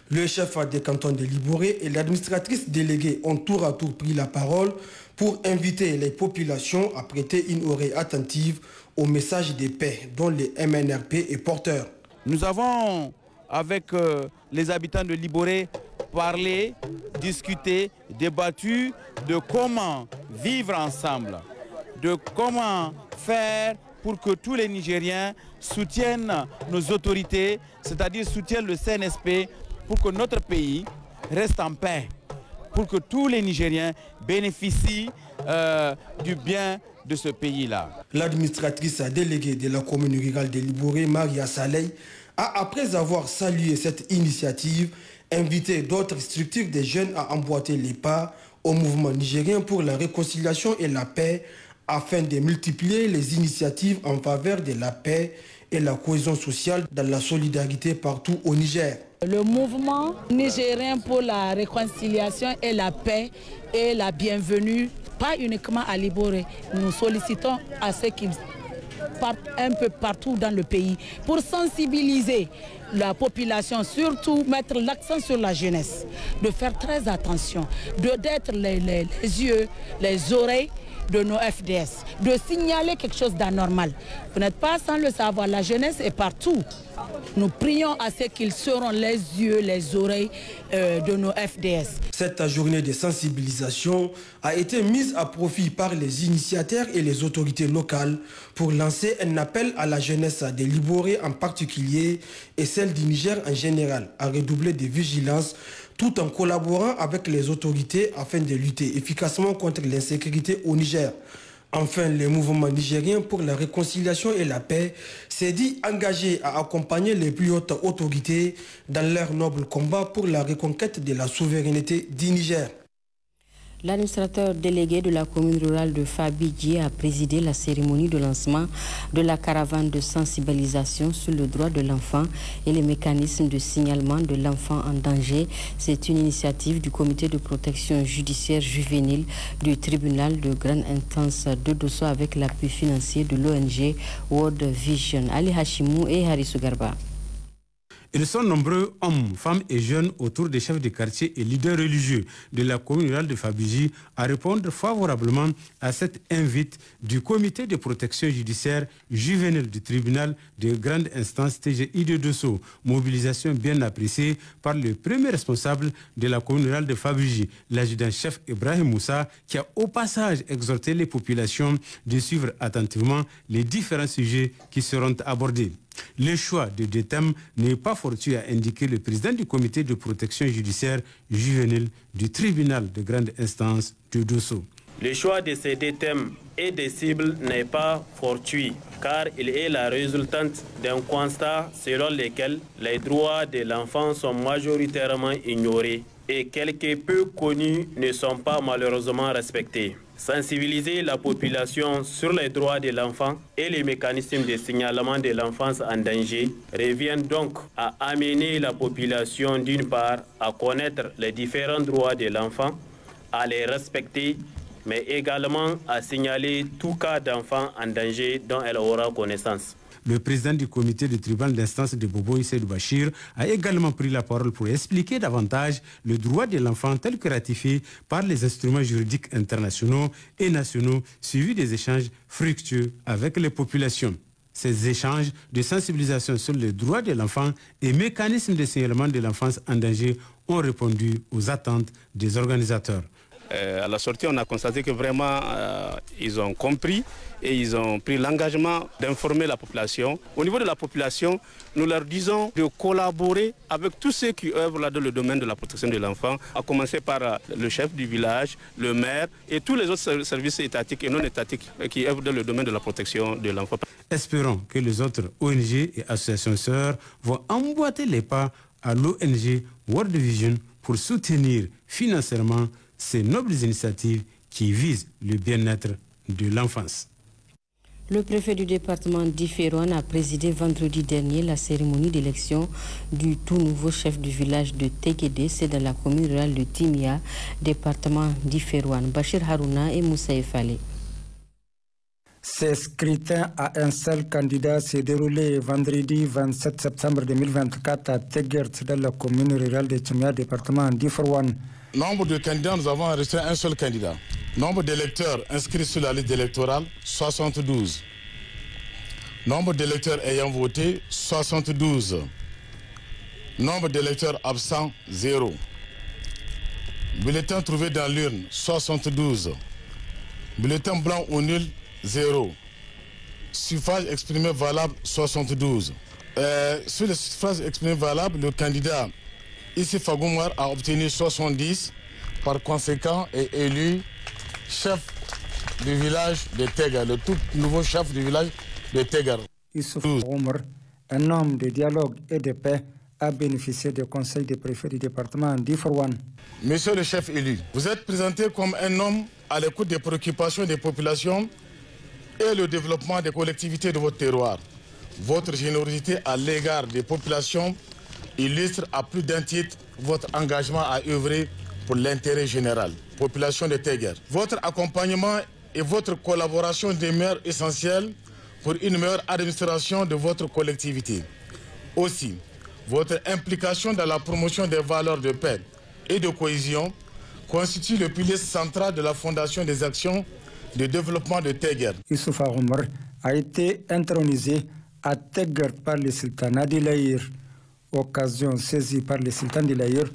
Speaker 33: Le chef des cantons de Liboré et l'administratrice déléguée ont tour à tour pris la parole pour inviter les populations à prêter une oreille attentive au message de paix dont le MNRP est porteur. Nous
Speaker 20: avons, avec euh, les habitants de Liboré, parlé, discuté, débattu de comment vivre ensemble, de comment faire pour que tous les Nigériens soutiennent nos autorités, c'est-à-dire soutiennent le CNSP, pour que notre pays reste en paix, pour que tous les Nigériens bénéficient euh, du bien de ce
Speaker 1: pays-là.
Speaker 33: L'administratrice déléguée de la commune rurale de Libouré, Maria Saleh, a, après avoir salué cette initiative, invité d'autres structures des jeunes à emboîter les pas au mouvement nigérien pour la réconciliation et la paix afin de multiplier les initiatives en faveur de la paix et la cohésion sociale dans la solidarité partout au Niger.
Speaker 9: Le mouvement nigérien pour la réconciliation et la paix est la bienvenue, pas uniquement à Liboré. Nous sollicitons à ceux qui partent un peu partout dans le pays pour sensibiliser la population, surtout mettre l'accent sur la jeunesse, de faire très attention, d'être les, les yeux, les oreilles de nos FDS, de signaler quelque chose d'anormal. Vous n'êtes pas sans le savoir, la jeunesse est partout. Nous prions à ce qu'ils seront les yeux, les oreilles euh, de nos FDS. Cette
Speaker 33: journée de sensibilisation a été mise à profit par les initiateurs et les autorités locales pour lancer un appel à la jeunesse à délibérer en particulier et celle du Niger en général à redoubler de vigilance tout en collaborant avec les autorités afin de lutter efficacement contre l'insécurité au Niger. Enfin, le mouvement nigérien pour la réconciliation et la paix s'est dit engagé à accompagner les plus hautes autorités dans leur noble combat pour la reconquête de la souveraineté du Niger.
Speaker 3: L'administrateur délégué de la commune rurale de Fabidji a présidé la cérémonie de lancement de la caravane de sensibilisation sur le droit de l'enfant et les mécanismes de signalement de l'enfant en danger. C'est une initiative du comité de protection judiciaire juvénile du tribunal de grande intense de Dosso avec l'appui financier de l'ONG World Vision. Ali Hashimou et Harisugarba.
Speaker 20: Ils sont nombreux, hommes, femmes et jeunes, autour des chefs de quartier et leaders religieux de la commune rurale de Fabiji à répondre favorablement à cette invite du comité de protection judiciaire juvénile du tribunal de grande instance TGI de Dosso. Mobilisation bien appréciée par le premier responsable de la commune rurale de Fabiji, l'adjudant-chef Ibrahim Moussa, qui a au passage exhorté les populations de suivre attentivement les différents sujets qui seront abordés. Le choix de deux thèmes n'est pas fortuit, a indiqué le président du comité de protection judiciaire juvénile du tribunal de grande instance de Dosso.
Speaker 24: Le choix de ces deux thèmes et des cibles n'est pas fortuit, car il est la résultante d'un constat selon lequel les droits de l'enfant sont majoritairement ignorés et quelques peu connus ne sont pas malheureusement respectés. Sensibiliser la population sur les droits de l'enfant et les mécanismes de signalement de l'enfance en danger revient donc à amener la population d'une part à connaître les différents droits de l'enfant, à les respecter, mais également à signaler tout cas d'enfant en danger dont elle aura connaissance.
Speaker 20: Le président du comité de tribunal d'instance de Bobo Issaïd Bachir a également pris la parole pour expliquer davantage le droit de l'enfant tel que ratifié par les instruments juridiques internationaux et nationaux suivis des échanges fructueux avec les populations. Ces échanges de sensibilisation sur le droit de l'enfant et mécanismes de signalement de l'enfance en danger ont répondu aux attentes des organisateurs. Euh, à la sortie, on a constaté que vraiment, euh, ils ont compris et ils ont pris l'engagement d'informer la population. Au niveau de la population, nous leur disons de collaborer avec tous ceux qui œuvrent dans le domaine de la protection de l'enfant, à commencer par euh, le chef du village, le maire et tous les autres services étatiques et non étatiques qui œuvrent dans le domaine de la protection de l'enfant. Espérons que les autres ONG et associations sœurs vont emboîter les pas à l'ONG World Vision pour soutenir financièrement ces nobles initiatives qui visent le bien-être de l'enfance.
Speaker 3: Le préfet du département d'Iferouane a présidé vendredi dernier la cérémonie d'élection du tout nouveau chef du village de Tekédé, c'est dans la commune rurale de Timia, département d'Iferouan. Bachir Harouna et
Speaker 31: Moussa Efale. Ces scrutins à un seul candidat s'est déroulé vendredi 27 septembre 2024 à Teguert, dans la commune rurale de Timia, département d'Iferouane. Nombre de
Speaker 32: candidats, nous avons enregistré un seul candidat. Nombre d'électeurs inscrits sur la liste électorale, 72. Nombre d'électeurs ayant voté, 72. Nombre d'électeurs absents, 0. Bulletin trouvé dans l'urne, 72. Bulletin blanc ou nul, 0. Suffrage exprimé valable, 72. Euh, sur le suffrage exprimé valable, le candidat Ici Fagoumar a obtenu 70, par conséquent est élu chef du village de Tegar, le tout nouveau chef du village de Tegar.
Speaker 31: Issouf un homme de dialogue et de paix, a bénéficié du conseil des préfets du département one Monsieur le chef
Speaker 32: élu, vous êtes présenté comme un homme à l'écoute des préoccupations des populations et le développement des collectivités de votre terroir. Votre générosité à l'égard des populations illustre à plus d'un titre votre engagement à œuvrer pour l'intérêt général, population de Téguer. Votre accompagnement et votre collaboration demeurent essentielles pour une meilleure administration de votre collectivité. Aussi, votre implication dans la promotion des valeurs de paix et de cohésion
Speaker 31: constitue le pilier central de la fondation des actions de développement de Teger. a été intronisé à par le occasion saisie par le sultan de l'Aïr,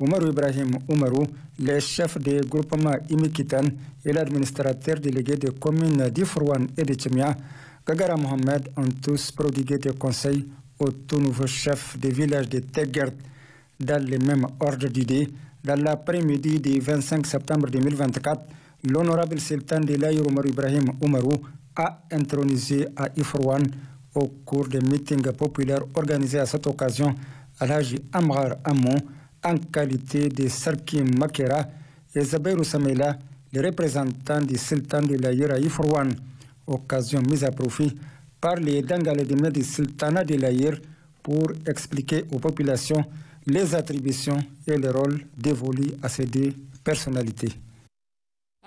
Speaker 31: Omar Ibrahim Oumarou, le chef des groupements Imikitan et l'administrateur délégué des communes d'Ifrouan et de Tchemia, Gagara Mohamed, ont tous prodigué des conseils au tout nouveau chef des villages de Tegert dans le même ordre d'idée. Dans l'après-midi du 25 septembre 2024, l'honorable sultan de l'Aïr Omar Ibrahim Oumarou a intronisé à Ifrouan au cours des meetings populaires organisés à cette occasion à l'âge Amrar Amon en qualité de Sarkim Makera et Zabeirou Samela, les représentants du sultan de la à Ifrouane, occasion mise à profit par les de du sultanat de la pour expliquer aux populations les attributions et les rôles dévolus à ces deux personnalités.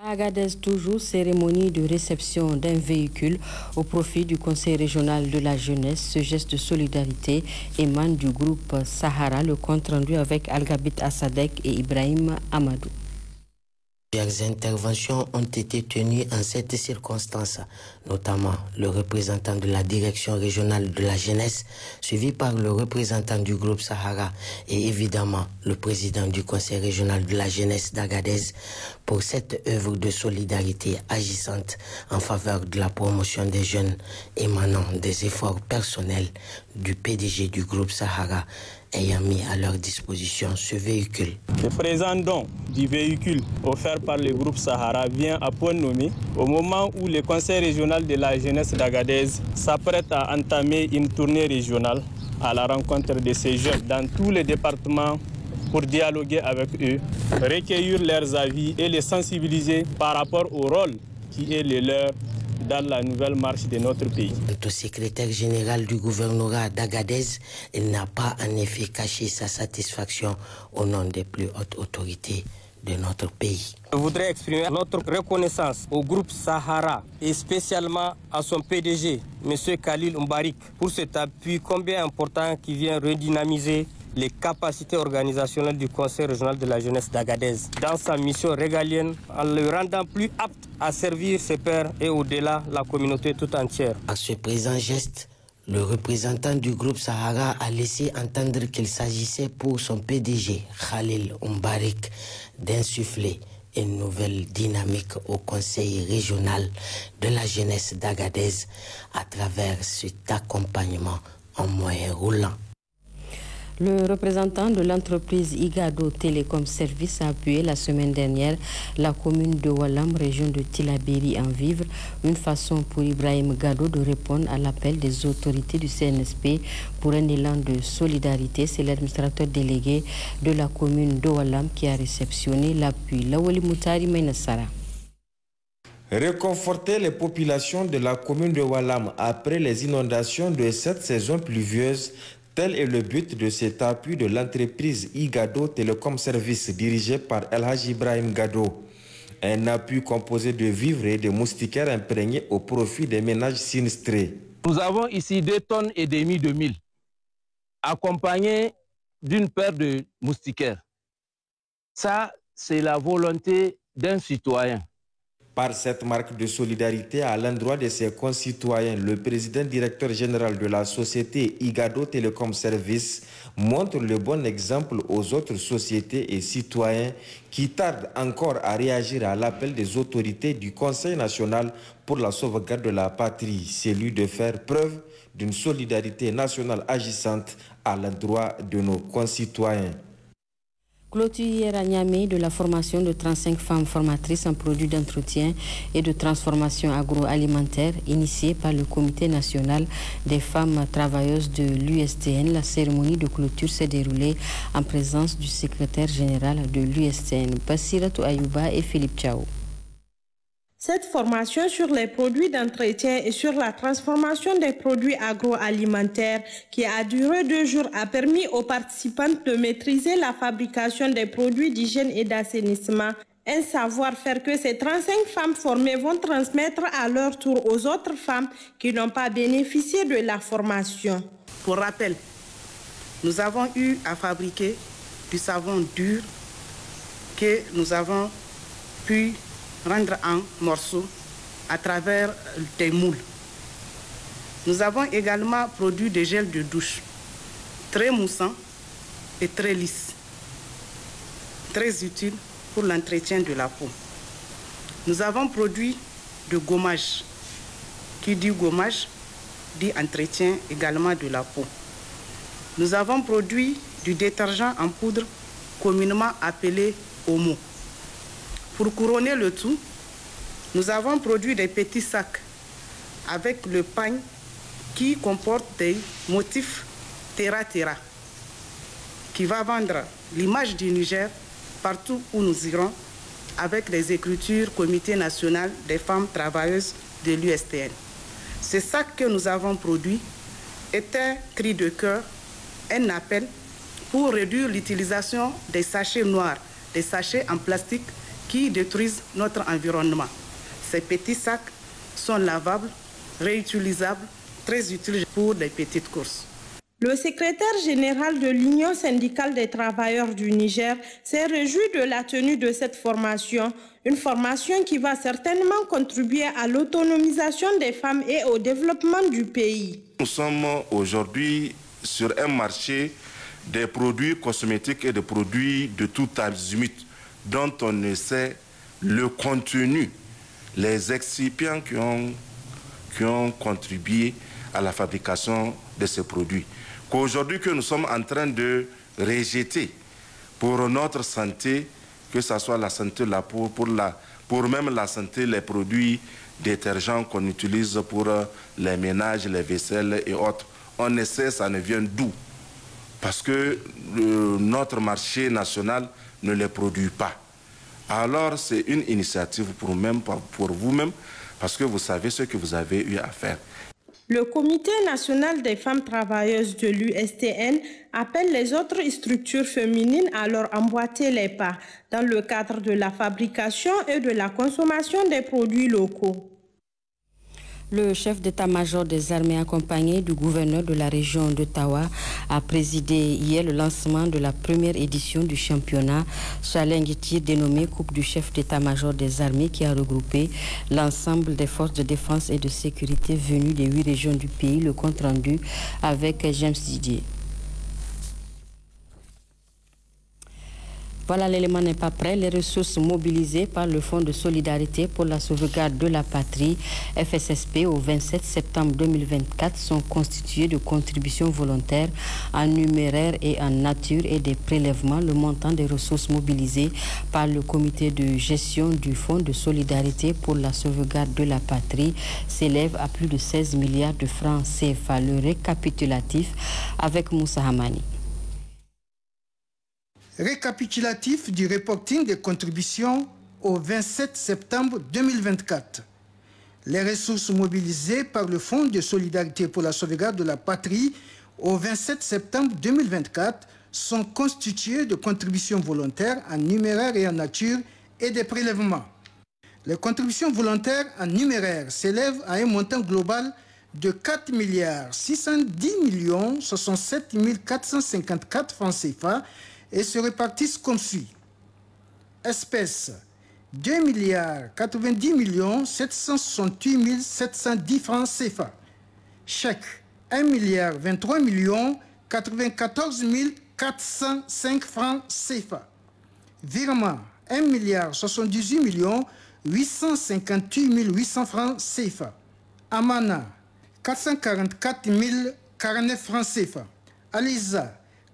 Speaker 3: Agadez, toujours cérémonie de réception d'un véhicule au profit du Conseil régional de la jeunesse. Ce geste de solidarité émane du groupe Sahara, le compte rendu avec Algabit Assadek et Ibrahim Amadou.
Speaker 26: Plusieurs interventions ont été tenues en cette circonstance, notamment le représentant de la direction régionale de la jeunesse, suivi par le représentant du groupe Sahara et évidemment le président du conseil régional de la jeunesse d'Agadez pour cette œuvre de solidarité agissante en faveur de la promotion des jeunes émanant des efforts personnels du PDG du groupe Sahara ayant mis à leur disposition ce véhicule. Le présent
Speaker 8: don du véhicule offert par le groupe Sahara vient à point nommé au moment où le Conseil régional de la jeunesse d'Agadez s'apprête à entamer une tournée régionale à la rencontre de ces jeunes dans tous les départements pour dialoguer avec eux, recueillir leurs avis et les sensibiliser par rapport au rôle qui est le leur dans la nouvelle
Speaker 26: marche de notre pays. Notre secrétaire général du gouvernorat d'Agadez n'a pas en effet caché sa satisfaction au nom des plus hautes autorités de notre pays.
Speaker 25: Je voudrais exprimer notre reconnaissance au groupe Sahara et spécialement à son PDG, M. Khalil Mbarik, pour cet appui combien important qui vient redynamiser les capacités organisationnelles du Conseil régional de la jeunesse d'Agadez dans sa mission régalienne en le rendant plus apte à servir ses pairs et au-delà la communauté
Speaker 26: tout entière. À ce présent geste, le représentant du groupe Sahara a laissé entendre qu'il s'agissait pour son PDG, Khalil Mbarik, d'insuffler une nouvelle dynamique au Conseil régional de la jeunesse d'Agadez à travers cet accompagnement en moyen roulant.
Speaker 3: Le représentant de l'entreprise Igado Télécom Service a appuyé la semaine dernière la commune de Wallam, région de Tilaberi, en vivre, une façon pour Ibrahim Gado de répondre à l'appel des autorités du CNSP pour un élan de solidarité. C'est l'administrateur délégué de la commune de Wallam qui a réceptionné l'appui. Lawali Moutari
Speaker 7: Réconforter les populations de la commune de Wallam après les inondations de cette saison pluvieuse, Tel est le but de cet appui de l'entreprise IGADO Telecom Service dirigée par El Haj Ibrahim Gado. Un appui composé de vivres et de moustiquaires imprégnés au profit des ménages sinistrés.
Speaker 18: Nous avons ici deux tonnes et demi de mille, accompagnées d'une paire de moustiquaires. Ça, c'est la
Speaker 7: volonté d'un citoyen par cette marque de solidarité à l'endroit de ses concitoyens, le président directeur général de la société Igado Telecom Service montre le bon exemple aux autres sociétés et citoyens qui tardent encore à réagir à l'appel des autorités du Conseil national pour la sauvegarde de la patrie, celui de faire preuve d'une solidarité nationale agissante à l'endroit de nos concitoyens.
Speaker 3: Clôture à Niamey de la formation de 35 femmes formatrices en produits d'entretien et de transformation agroalimentaire initiée par le Comité national des femmes travailleuses de l'USTN. La cérémonie de clôture s'est déroulée en présence du secrétaire général de l'USTN, Passiratou Ayouba et Philippe Chao.
Speaker 11: Cette formation sur les produits d'entretien et sur la transformation des produits agroalimentaires qui a duré deux jours a permis aux participantes de maîtriser la fabrication des produits d'hygiène et d'assainissement. Un savoir-faire que ces 35 femmes formées vont transmettre à leur tour aux autres femmes qui n'ont pas bénéficié de la formation. Pour rappel, nous avons eu à fabriquer du savon dur que nous avons
Speaker 34: pu rendre en morceaux à travers des moules. Nous avons également produit des gels de douche très moussants et très lisses, très utiles pour l'entretien de la peau. Nous avons produit de gommage. Qui dit gommage dit entretien également de la peau. Nous avons produit du détergent en poudre communément appelé homo. Pour couronner le tout, nous avons produit des petits sacs avec le pain qui comporte des motifs terra-terra qui va vendre l'image du Niger partout où nous irons avec les écritures Comité national des femmes travailleuses de l'USTN. Ce sac que nous avons produit est un cri de cœur, un appel pour réduire l'utilisation des sachets noirs, des sachets en plastique qui détruisent notre environnement. Ces petits sacs sont lavables,
Speaker 11: réutilisables, très utiles pour des petites courses. Le secrétaire général de l'Union syndicale des travailleurs du Niger s'est réjoui de la tenue de cette formation, une formation qui va certainement contribuer à l'autonomisation des femmes et au développement du pays.
Speaker 4: Nous sommes aujourd'hui sur un marché des produits cosmétiques et des produits de tout humides dont on ne sait le contenu, les excipients qui ont, qui ont contribué à la fabrication de ces produits, qu'aujourd'hui que nous sommes en train de rejeter pour notre santé, que ce soit la santé la peau, pour, la, pour même la santé, les produits détergents qu'on utilise pour euh, les ménages, les vaisselles et autres. On essaie, ça ne vient d'où Parce que euh, notre marché national ne les produit pas. Alors c'est une initiative pour, vous-même parce que vous savez ce que vous avez eu
Speaker 15: à faire.
Speaker 11: Le Comité national des femmes travailleuses de l'USTN appelle les autres structures féminines à leur emboîter les pas dans le cadre de la fabrication et de la consommation des produits locaux.
Speaker 3: Le chef d'état-major des armées accompagné du gouverneur de la région d'Ottawa a présidé hier le lancement de la première édition du championnat Challenge Tir dénommé Coupe du chef d'état-major des armées qui a regroupé l'ensemble des forces de défense et de sécurité venues des huit régions du pays. Le compte rendu avec James Didier. Voilà, l'élément n'est pas prêt. Les ressources mobilisées par le Fonds de solidarité pour la sauvegarde de la patrie, FSSP, au 27 septembre 2024 sont constituées de contributions volontaires en numéraire et en nature et des prélèvements. Le montant des ressources mobilisées par le comité de gestion du Fonds de solidarité pour la sauvegarde de la patrie s'élève à plus de 16 milliards de francs CFA. Le récapitulatif avec Moussa Hamani
Speaker 35: récapitulatif du reporting des contributions au 27 septembre 2024. Les ressources mobilisées par le Fonds de solidarité pour la sauvegarde de la patrie au 27 septembre 2024 sont constituées de contributions volontaires en numéraire et en nature et des prélèvements. Les contributions volontaires en numéraire s'élèvent à un montant global de 4 milliards 610 millions 67 francs CFA et se répartissent comme suit. espèce 2 milliards 90 millions 768 710 francs CFA. Chèque 1 milliard 23 millions 94 405 francs CFA. Virement 1 milliard 78 millions 858 800 francs CFA. Amana 444 049 francs CFA. Alisa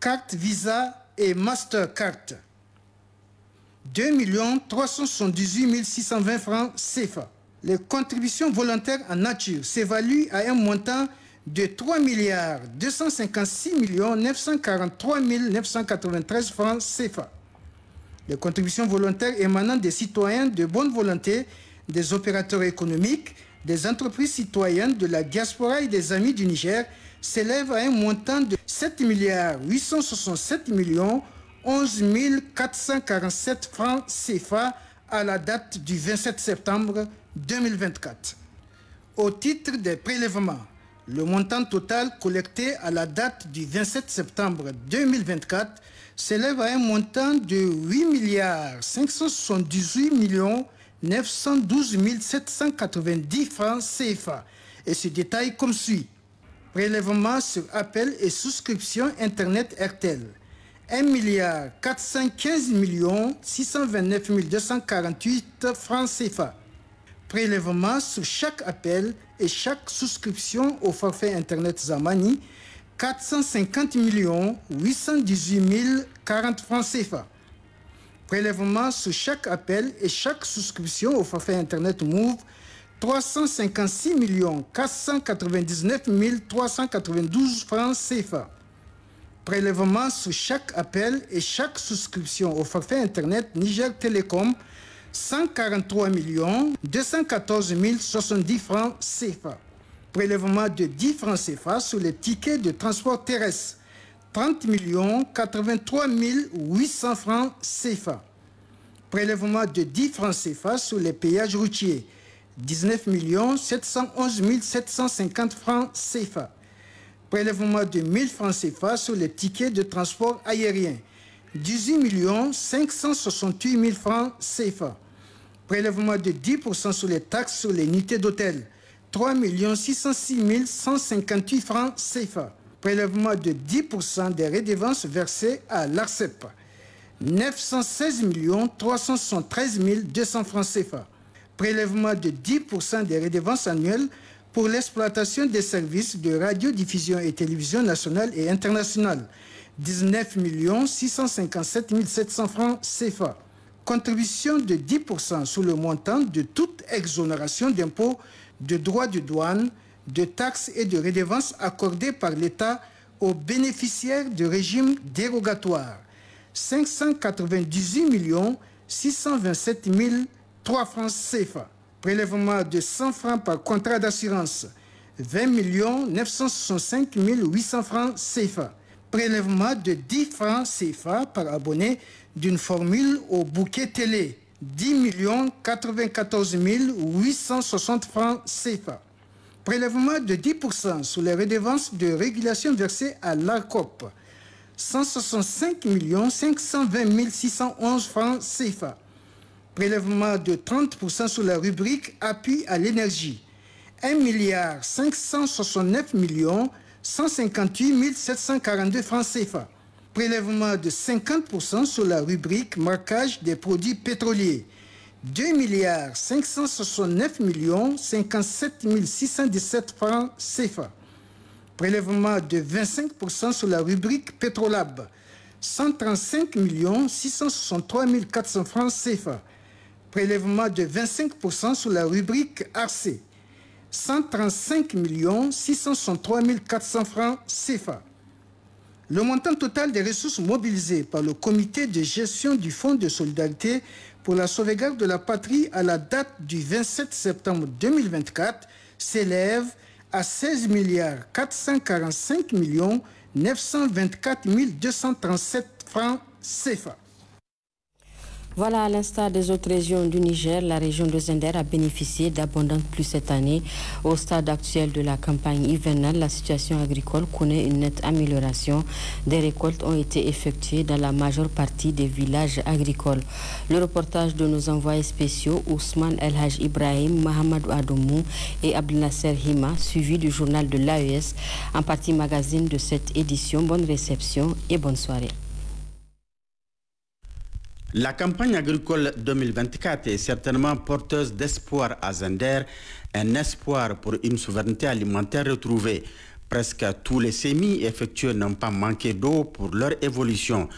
Speaker 35: carte Visa et Mastercard. 2 620 francs CFA. Les contributions volontaires en nature s'évaluent à un montant de 3 256 943 993 francs CFA. Les contributions volontaires émanant des citoyens de bonne volonté, des opérateurs économiques, des entreprises citoyennes, de la diaspora et des amis du Niger s'élève à un montant de 7 milliards 867 millions francs CFA à la date du 27 septembre 2024. Au titre des prélèvements, le montant total collecté à la date du 27 septembre 2024 s'élève à un montant de 8 milliards 578 millions francs CFA et se détaille comme suit. Prélèvement sur appel et souscription Internet RTL. 1 415 629 248 francs CFA. Prélèvement sur chaque appel et chaque souscription au forfait Internet Zamani 450 millions 818 040 francs CFA. Prélèvement sur chaque appel et chaque souscription au forfait Internet Move 356 499 392 francs CFA. Prélèvement sur chaque appel et chaque souscription au forfait Internet Niger Télécom, 143 214 070 francs CFA. Prélèvement de 10 francs CFA sur les tickets de transport terrestre, 30 83 800 francs CFA. Prélèvement de 10 francs CFA sur les péages routiers, 19 711 750 francs CFA. Prélèvement de 1000 francs CFA sur les tickets de transport aérien. 18 568 000 francs CFA. Prélèvement de 10% sur les taxes sur les unités d'hôtel. 3 606 158 francs CFA. Prélèvement de 10% des redevances versées à l'ARCEP. 916 373 200 francs CFA prélèvement de 10% des redevances annuelles pour l'exploitation des services de radiodiffusion et télévision nationale et internationale, 19 657 700 francs CFA. Contribution de 10% sur le montant de toute exonération d'impôts, de droits de douane, de taxes et de redevances accordées par l'État aux bénéficiaires de régime dérogatoire 598 627 000 3 francs CFA. Prélèvement de 100 francs par contrat d'assurance. 20 965 800 francs CFA. Prélèvement de 10 francs CFA par abonné d'une formule au bouquet télé. 10 94 860 francs CFA. Prélèvement de 10% sur les redevances de régulation versées à l'ARCOP. 165 520 611 francs CFA Prélèvement de 30% sur la rubrique Appui à l'énergie. 1 milliard millions francs CFA. Prélèvement de 50% sur la rubrique marquage des produits pétroliers. 2 milliards 569 millions 617 francs CFA. Prélèvement de 25% sur la rubrique Pétrolab. 135 millions 663 francs CFA prélèvement de 25% sur la rubrique RC, 135 663 400 francs CFA. Le montant total des ressources mobilisées par le comité de gestion du Fonds de solidarité pour la sauvegarde de la patrie à la date du 27 septembre 2024 s'élève à 16 445 924 237 francs CFA.
Speaker 3: Voilà, à l'instar des autres régions du Niger, la région de Zender a bénéficié d'abondantes pluies cette année. Au stade actuel de la campagne hivernale, la situation agricole connaît une nette amélioration. Des récoltes ont été effectuées dans la majeure partie des villages agricoles. Le reportage de nos envoyés spéciaux, Ousmane El Ibrahim, Mohamed Adomou et Nasser Hima, suivi du journal de l'AES, en partie magazine de cette édition. Bonne réception et bonne soirée.
Speaker 36: La campagne agricole 2024 est certainement porteuse d'espoir à Zender, un espoir pour une souveraineté alimentaire retrouvée. Presque tous les semis effectués n'ont pas manqué d'eau pour leur évolution.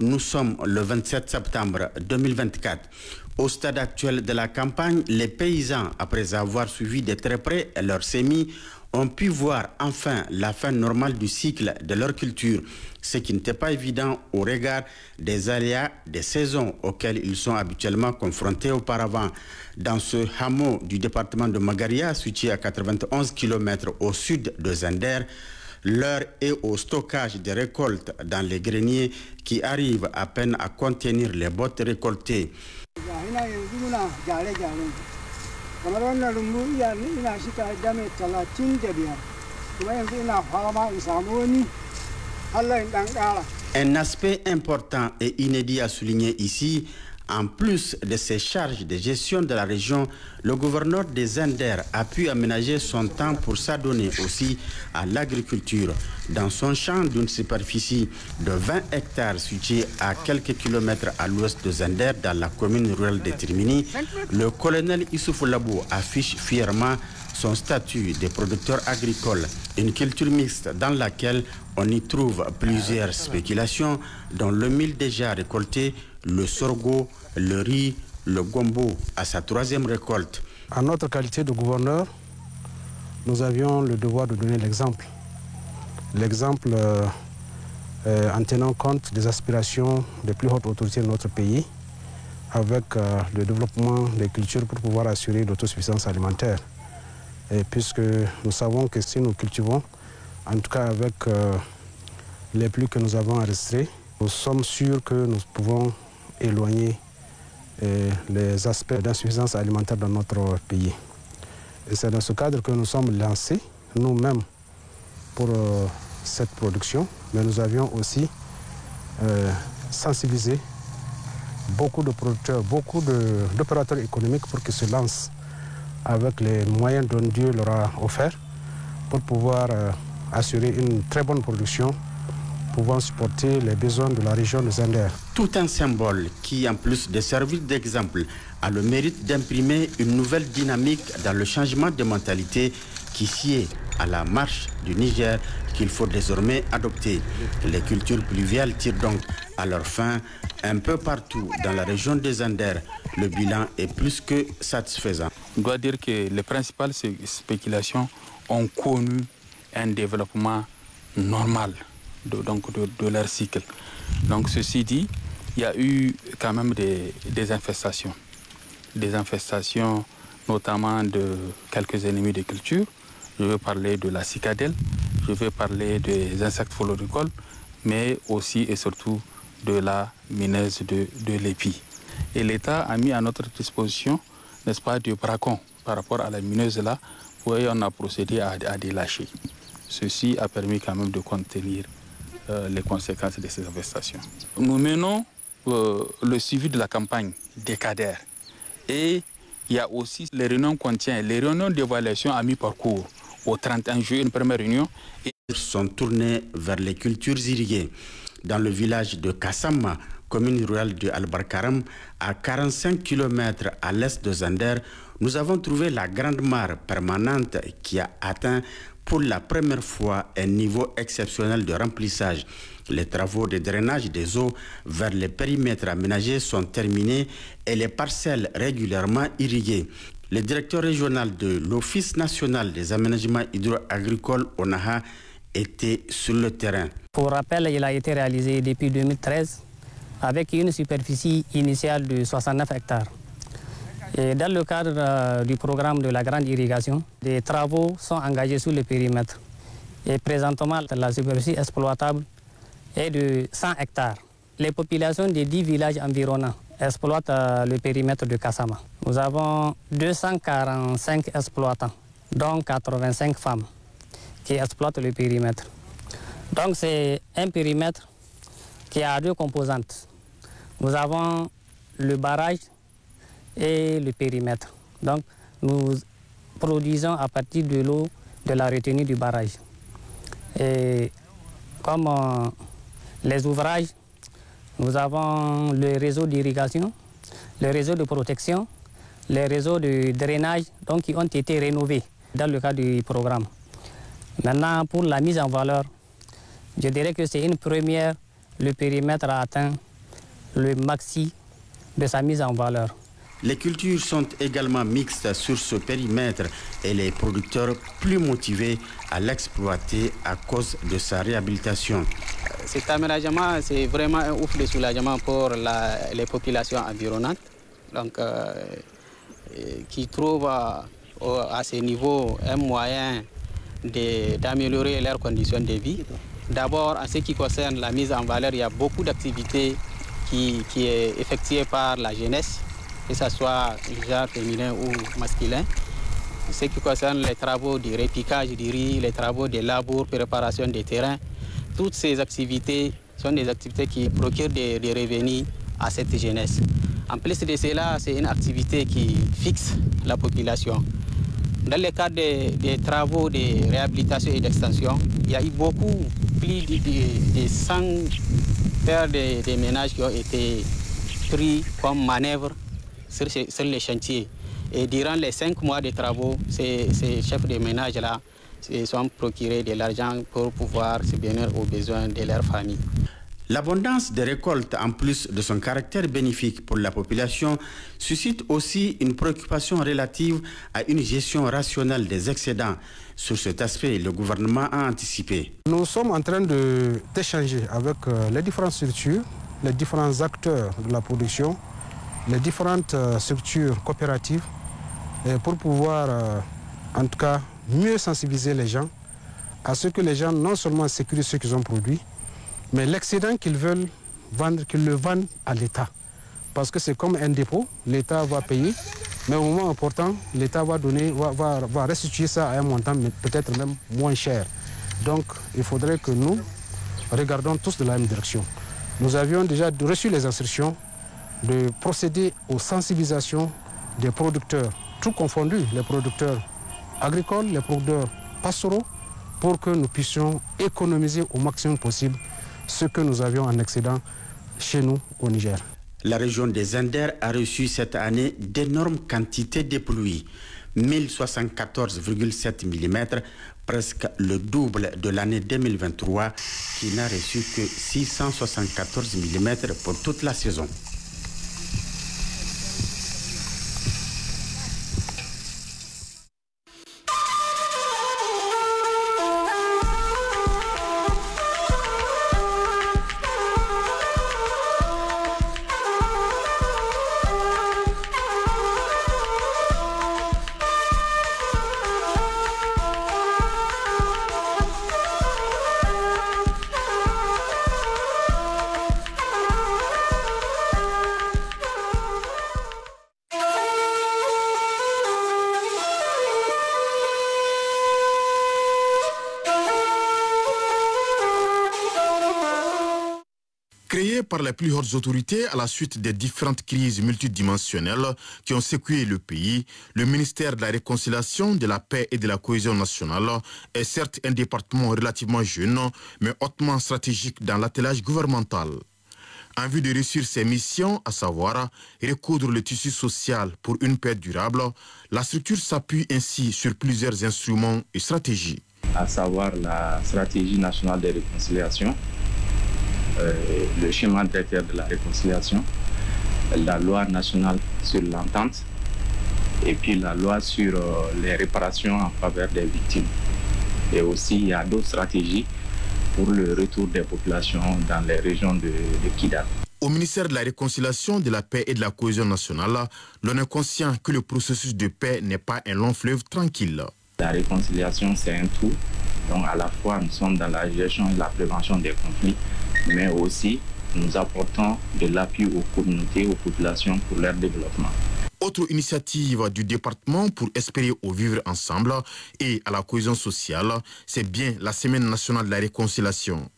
Speaker 36: Nous sommes le 27 septembre 2024. Au stade actuel de la campagne, les paysans, après avoir suivi de très près leurs semis, ont pu voir enfin la fin normale du cycle de leur culture, ce qui n'était pas évident au regard des aléas des saisons auxquelles ils sont habituellement confrontés auparavant. Dans ce hameau du département de Magaria, situé à 91 km au sud de Zender, l'heure est au stockage des récoltes dans les greniers qui arrivent à peine à contenir les bottes récoltées
Speaker 31: kamar wannan rumbu iya ina shi ka dame talatin da biyar kuma yanzu ina fama in samu wani Allah in dan kara
Speaker 36: Un aspect important et inédit à souligner ici, en plus de ses charges de gestion de la région, le gouverneur de Zinder a pu aménager son temps pour s'adonner aussi à l'agriculture. Dans son champ d'une superficie de 20 hectares situé à quelques kilomètres à l'ouest de Zender, dans la commune rurale de Trimini, le colonel Issoufou Labou affiche fièrement son statut de producteur agricole, une culture mixte dans laquelle on y trouve plusieurs spéculations, dont le mille déjà récolté, le sorgho, le riz, le gombo à sa troisième récolte.
Speaker 1: En notre qualité de gouverneur, nous avions le devoir de donner l'exemple. L'exemple euh, euh, en tenant compte des aspirations des plus hautes autorités de notre pays avec euh, le développement des cultures pour pouvoir assurer l'autosuffisance alimentaire. Et puisque nous savons que si nous cultivons, en tout cas avec les pluies que nous avons rester, nous sommes sûrs que nous pouvons éloigner euh, les aspects d'insuffisance alimentaire dans notre pays. Et c'est dans ce cadre que nous sommes lancés nous-mêmes pour euh, cette production, mais nous avions aussi euh, sensibilisé beaucoup de producteurs, beaucoup d'opérateurs économiques pour qu'ils se lancent avec les moyens dont Dieu leur a offert pour pouvoir assurer une très bonne production pouvant supporter les besoins de la région des Zender.
Speaker 36: Tout un symbole qui, en plus de servir d'exemple, a le mérite d'imprimer une nouvelle dynamique dans le changement de mentalité qui sied à la marche du Niger qu'il faut désormais adopter. Les cultures pluviales tirent donc à leur fin un peu partout dans la région des Anders. Le bilan est plus que satisfaisant. On doit dire que les principales spéculations ont connu
Speaker 17: un développement normal de, donc de, leur cycle. Donc ceci dit, il y a eu quand même des, des infestations. Des infestations notamment de quelques ennemis des cultures, Je veux parler de la cicadelle, je veux parler des insectes foloricoles, mais aussi et surtout de la mineuse de, de l'épi. Et l'État a mis à notre disposition, n'est-ce pas, du bracon par rapport à la mineuse là, où on a procédé à, à des lâchers. Ceci a permis quand même de contenir euh, les conséquences de ces investissements. Nous menons euh, le suivi de la campagne des cadres et
Speaker 36: il y a aussi les réunions qu'on tient, les réunions d'évaluation à mi-parcours au 31 juillet, une première réunion. Et... sont tournés vers les cultures irriguées. Dans le village de Kassama, commune rurale de Al-Barkaram, à 45 km à l'est de Zander, nous avons trouvé la grande mare permanente qui a atteint pour la première fois un niveau exceptionnel de remplissage. Les travaux de drainage des eaux vers les périmètres aménagés sont terminés et les parcelles régulièrement irriguées. Le directeur régional de l'Office national des aménagements hydro-agricoles, ONAHA, était sur le terrain.
Speaker 37: Pour rappel, il a été réalisé depuis 2013 avec une superficie initiale de 69 hectares. Et dans le cadre euh, du programme de la grande irrigation, des travaux sont engagés sur le périmètre. Et présentement, la superficie exploitable est de 100 hectares. Les populations des 10 villages environnants exploitent euh, le périmètre de Kassama. Nous avons 245 exploitants, dont 85 femmes, qui exploitent le périmètre. Donc c'est un périmètre qui a deux composantes. Nous avons le barrage et le périmètre. Donc, nous produisons à partir de l'eau de la retenue du barrage. Et comme euh, les ouvrages, nous avons le réseau d'irrigation, le réseau de protection, les réseaux de drainage donc, qui ont été rénovés dans le cadre du programme. Maintenant, pour la mise en valeur, je dirais que c'est une première. Le périmètre a atteint le maxi de sa mise en valeur.
Speaker 36: Les cultures sont également mixtes sur ce périmètre et les producteurs plus motivés à l'exploiter à cause de sa réhabilitation. Euh,
Speaker 21: cet aménagement, c'est vraiment un ouf de soulagement pour les populations environnantes donc, euh, euh, qui trouvent à, ce niveau un moyen d'améliorer leurs conditions de vie. D'abord, en ce qui concerne la mise en valeur, il y a beaucoup d'activités qui, qui est effectuée par la jeunesse que ce soit déjà féminin ou masculin. ce qui concerne les travaux de répiquage du riz, les travaux de labour, préparation des terrains, toutes ces activités sont des activités qui procurent des, revenus à cette jeunesse. En plus de cela, c'est une activité qui fixe la population. Dans le cadre des, travaux de réhabilitation et d'extension, il y a eu beaucoup, plus de, 100 paires de, de ménages qui ont été pris comme manœuvre sur, les chantiers. Et durant les cinq mois de travaux, ces, chefs de ménage-là sont procurés de l'argent pour pouvoir subvenir aux besoins de leur famille. L'abondance des
Speaker 36: récoltes, en plus de son caractère bénéfique pour la population, suscite aussi une préoccupation relative à une gestion rationnelle des excédents. Sur cet aspect, le gouvernement a anticipé.
Speaker 1: Nous sommes en train d'échanger avec euh, les différentes structures, les différents acteurs de la production les différentes euh, structures coopératives euh, pour pouvoir, euh, en tout cas, mieux sensibiliser les gens à ce que les gens non seulement sécurisent ce qu'ils ont produit, mais l'excédent qu'ils veulent vendre, qu'ils le vendent à l'État. Parce que c'est comme un dépôt, l'État va payer, mais au moment important, l'État va donner, va, va, restituer ça à un montant peut-être même moins cher. Donc il faudrait que nous regardons tous de la même direction. Nous avions déjà reçu les instructions de procéder aux sensibilisations des producteurs, tout confondu, les producteurs agricoles, les producteurs pastoraux, pour que nous puissions économiser au maximum possible ce que nous avions en excédent chez nous au Niger.
Speaker 36: La région des Enders a reçu cette année d'énormes quantités de pluie, 1074,7 mm, presque le double de l'année 2023 qui n'a reçu que 674 mm pour toute la saison.
Speaker 17: les plus hautes autorités à la suite des différentes crises multidimensionnelles qui ont secoué le pays, le ministère de la Réconciliation, de la Paix et de la Cohésion nationale est certes un département relativement jeune, mais hautement stratégique dans l'attelage gouvernemental en vue de réussir ses missions, à savoir recoudre le tissu social pour une paix durable, la structure s'appuie ainsi sur plusieurs instruments et stratégies.
Speaker 18: À savoir la stratégie nationale de réconciliation, euh, le schéma directeur de la réconciliation, la loi nationale sur l'entente et puis la loi sur euh, les réparations en faveur des victimes. Et aussi, il y a d'autres stratégies pour le retour des populations dans les régions de, de Kidal.
Speaker 17: Au ministère de la Réconciliation, de la Paix et de la Cohésion nationale, l'on est conscient que le
Speaker 18: processus de paix n'est pas un long fleuve tranquille. La réconciliation, c'est un tout. Donc, à la fois, nous sommes dans la gestion et la prévention des conflits, mais aussi nous apportons de l'appui aux communautés, aux populations pour leur développement.
Speaker 17: Autre initiative du département pour espérer au vivre ensemble et à la cohésion sociale, c'est bien la Semaine nationale de la réconciliation.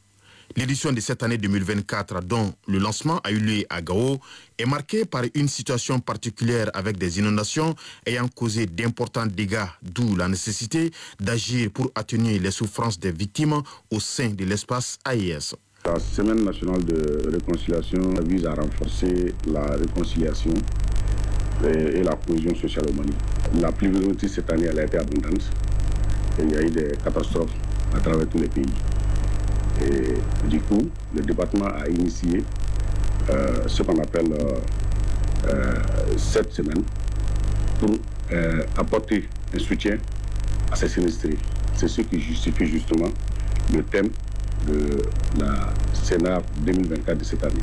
Speaker 17: L'édition de cette année 2024, dont le lancement a eu lieu à Gao, est marquée par une situation particulière avec des inondations ayant causé d'importants dégâts, d'où la nécessité d'agir pour atténuer les souffrances des victimes au sein de l'espace AIS. E
Speaker 15: la semaine nationale de réconciliation vise à renforcer la réconciliation euh, et, la cohésion sociale au Mali. La pluviométrie cette année, a été abondante. il y a eu des catastrophes à travers tous les pays. Et du coup, le département a initié euh, ce qu'on appelle euh, cette semaine pour apporter un soutien à ces sinistrés. C'est ce qui justifie justement le thème de la Sénat 2024 de cette année,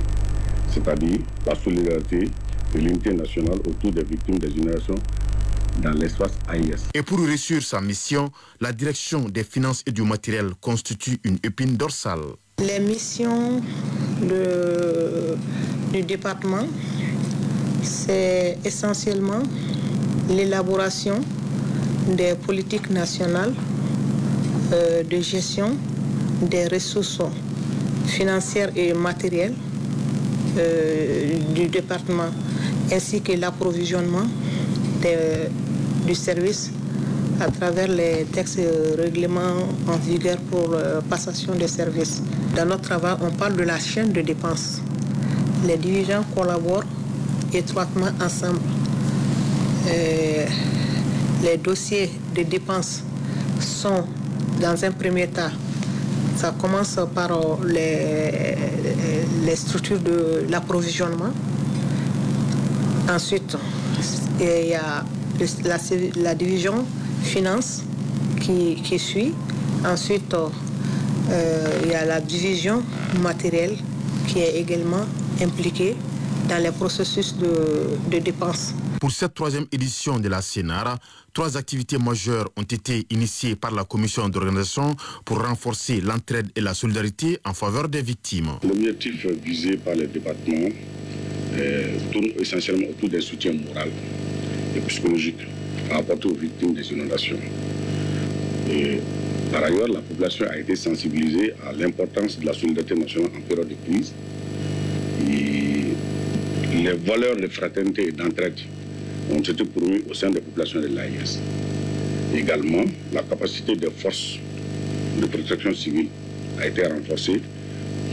Speaker 15: c'est-à-dire la solidarité de l'unité nationale autour des victimes des générations dans l'espace AIS.
Speaker 17: Et pour réussir sa mission, la direction des finances et du matériel constitue une épine dorsale.
Speaker 30: Les missions du département, c'est essentiellement l'élaboration des politiques nationales euh, de gestion des ressources financières et matérielles euh, du département, ainsi que l'approvisionnement du service à travers les textes et règlements en vigueur pour la euh, passation des services. Dans notre travail, on parle de la chaîne de dépenses. Les dirigeants collaborent étroitement ensemble. Euh, les dossiers de dépenses sont, dans un premier temps, ça commence par euh, les, structures de l'approvisionnement. Ensuite, il y a la, division finance qui, suit. Ensuite, euh, il y a la division matérielle qui est également impliquée dans les processus de, de dépenses.
Speaker 17: Pour cette troisième édition de la Sénara, trois activités majeures ont été initiées par la commission d'organisation pour renforcer l'entraide et la solidarité en faveur des victimes.
Speaker 15: L'objectif visé par le département euh, tourne essentiellement autour d'un soutien moral et psychologique à apporter aux victimes des inondations. par ailleurs, la population a été sensibilisée à l'importance de la solidarité nationale en période de crise. Et les valeurs de fraternité et d'entraide ont été promues au sein des populations de l'AIS. Également, la capacité des forces de protection civile a été renforcée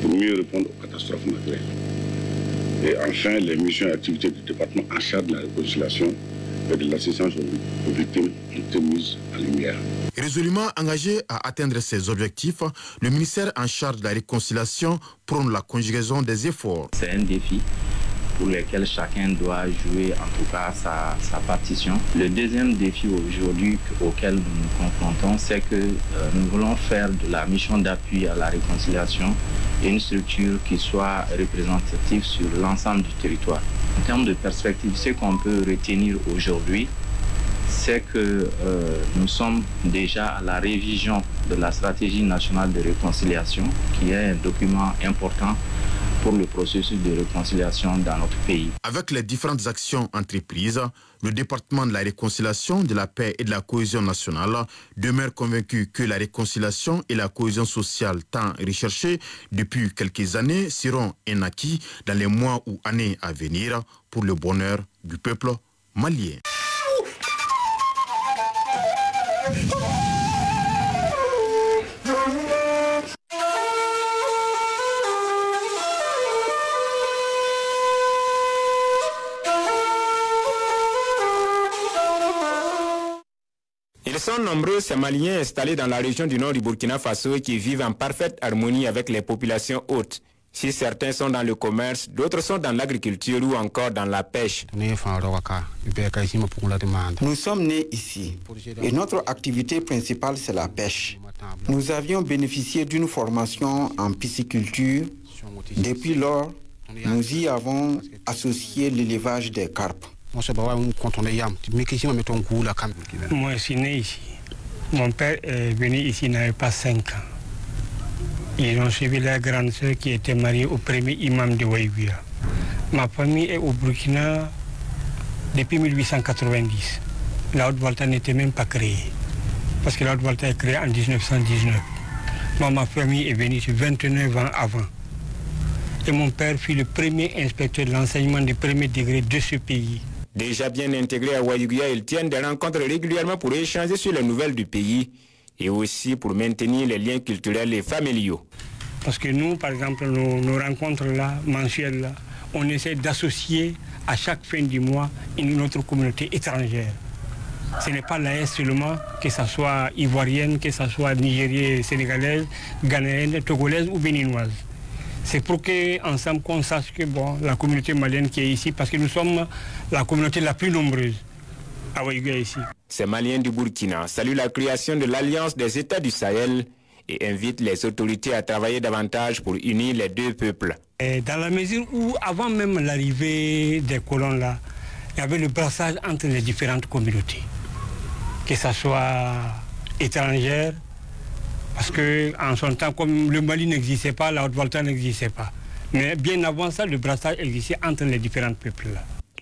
Speaker 15: pour mieux répondre aux catastrophes naturelles. Et enfin, les missions et activités du département en charge de la réconciliation et de l'assistance aux victimes ont été mises en lumière.
Speaker 17: Résolument engagé à atteindre ses objectifs, le ministère en charge de la réconciliation prône la conjugaison des efforts. C'est
Speaker 18: un défi pour lesquels chacun doit jouer en tout cas sa, partition. Le deuxième défi aujourd'hui auquel nous nous confrontons, c'est que euh, nous voulons faire de la mission d'appui à la réconciliation une structure qui soit représentative sur l'ensemble du territoire. En termes de perspective, ce qu'on peut retenir aujourd'hui, c'est que euh, nous sommes déjà à la révision de la stratégie nationale de réconciliation, qui est un document important pour le processus de réconciliation dans notre pays.
Speaker 17: Avec les différentes actions entreprises, le département de la réconciliation, de la paix et de la cohésion nationale demeure convaincu que la réconciliation et la cohésion sociale tant recherchées depuis quelques années seront un acquis dans les mois ou années à venir pour le bonheur du peuple malien.
Speaker 19: Ils
Speaker 38: sont nombreux ces Maliens installés dans la région du nord du Burkina Faso qui vivent en parfaite harmonie avec les populations hautes. Si certains sont dans le commerce, d'autres sont dans l'agriculture ou encore dans la pêche. Nous sommes nés ici et notre activité principale, c'est la pêche. Nous avions
Speaker 6: bénéficié d'une formation en pisciculture. Depuis lors, nous y avons associé l'élevage des carpes. Moi,
Speaker 22: je suis né ici. Mon père est venu ici, il n'avait pas 5 ans. Ils ont suivi la grande sœur qui était mariée au premier imam de Waïguya. Ma famille est au Burkina depuis 1890. La Haute-Volta n'était même pas créée. Parce que la Haute-Volta est créée en 1919. Moi, ma famille est venue 29 ans avant. Et mon père fut le premier inspecteur de l'enseignement de premier degré de ce pays.
Speaker 38: Déjà bien intégré à Waïguya, ils tiennent des rencontres régulièrement pour échanger sur les nouvelles du pays et aussi pour maintenir les liens culturels et familiaux.
Speaker 22: Parce que nous, par exemple, nos, rencontres là, mensuelles, on essaie d'associer à chaque fin du mois une autre communauté étrangère. Ce n'est pas la seule, seulement, que ce soit ivoirienne, que ce soit nigérienne, sénégalaise, ghanéenne, togolaise ou béninoise. C'est pour qu'ensemble qu'on sache que bon, la communauté malienne qui est ici, parce que nous sommes la communauté la plus nombreuse.
Speaker 38: Ah Ces Maliens du Burkina saluent la création de l'Alliance des États du Sahel et invite les autorités à travailler davantage pour unir les deux peuples. Eh, dans la mesure où,
Speaker 22: avant même l'arrivée des colons là, il y avait le brassage entre les différentes communautés, que ce soit étrangère, parce que en son temps, comme le Mali n'existait pas, la Haute-Volta n'existait pas. Mais bien avant ça, le brassage existait entre les différents peuples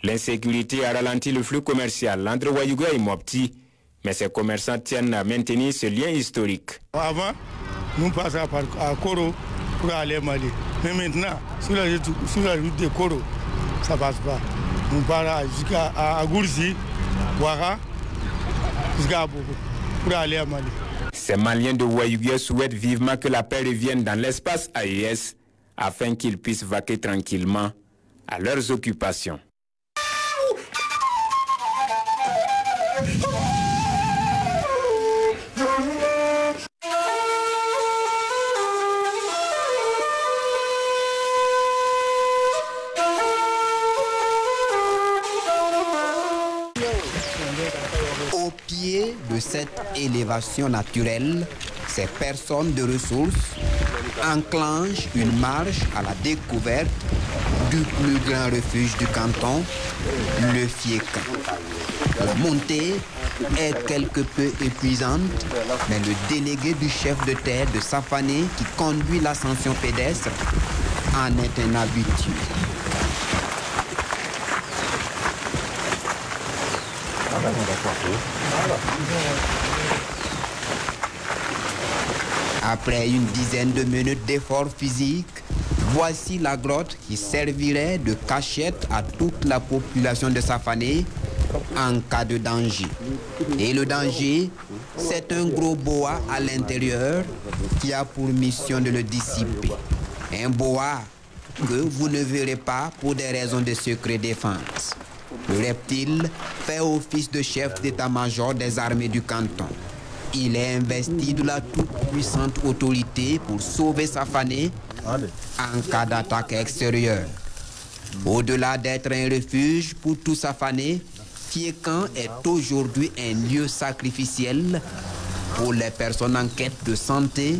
Speaker 38: L'insécurité a ralenti le flux commercial entre Wayuga et Mopti, mais ces commerçants tiennent à maintenir ce lien historique.
Speaker 22: Avant,
Speaker 4: nous passions par, à Koro pour aller à Mali. Mais maintenant, sur la, route de Koro, ça ne passe pas. Nous passons jusqu'à à,
Speaker 38: jusqu'à pour aller à Mali. Ces Maliens de Wayuga souhaitent vivement que la paix revienne dans l'espace AES afin qu'ils puissent vaquer tranquillement à leurs occupations.
Speaker 39: cette élévation naturelle, ces personnes de ressources enclenchent une marche à la découverte du plus grand refuge du canton, le Fieca. La montée est quelque peu épuisante, mais le délégué du chef de terre de Safané qui conduit l'ascension pédestre en est un habitué. Après une dizaine de minutes d'efforts physiques, voici la grotte qui servirait de cachette à toute la population de Safané en cas de danger. Et le danger, c'est un gros boa à l'intérieur qui a pour mission de le dissiper. Un boa que vous ne verrez pas pour des raisons de secret défense. Le reptile fait office de chef d'état-major des armées du canton. Il est investi de la toute-puissante autorité pour sauver sa fanée en cas d'attaque extérieure. Au-delà d'être un refuge pour tout fanée, Fiekan est aujourd'hui un lieu sacrificiel pour les personnes en quête de santé,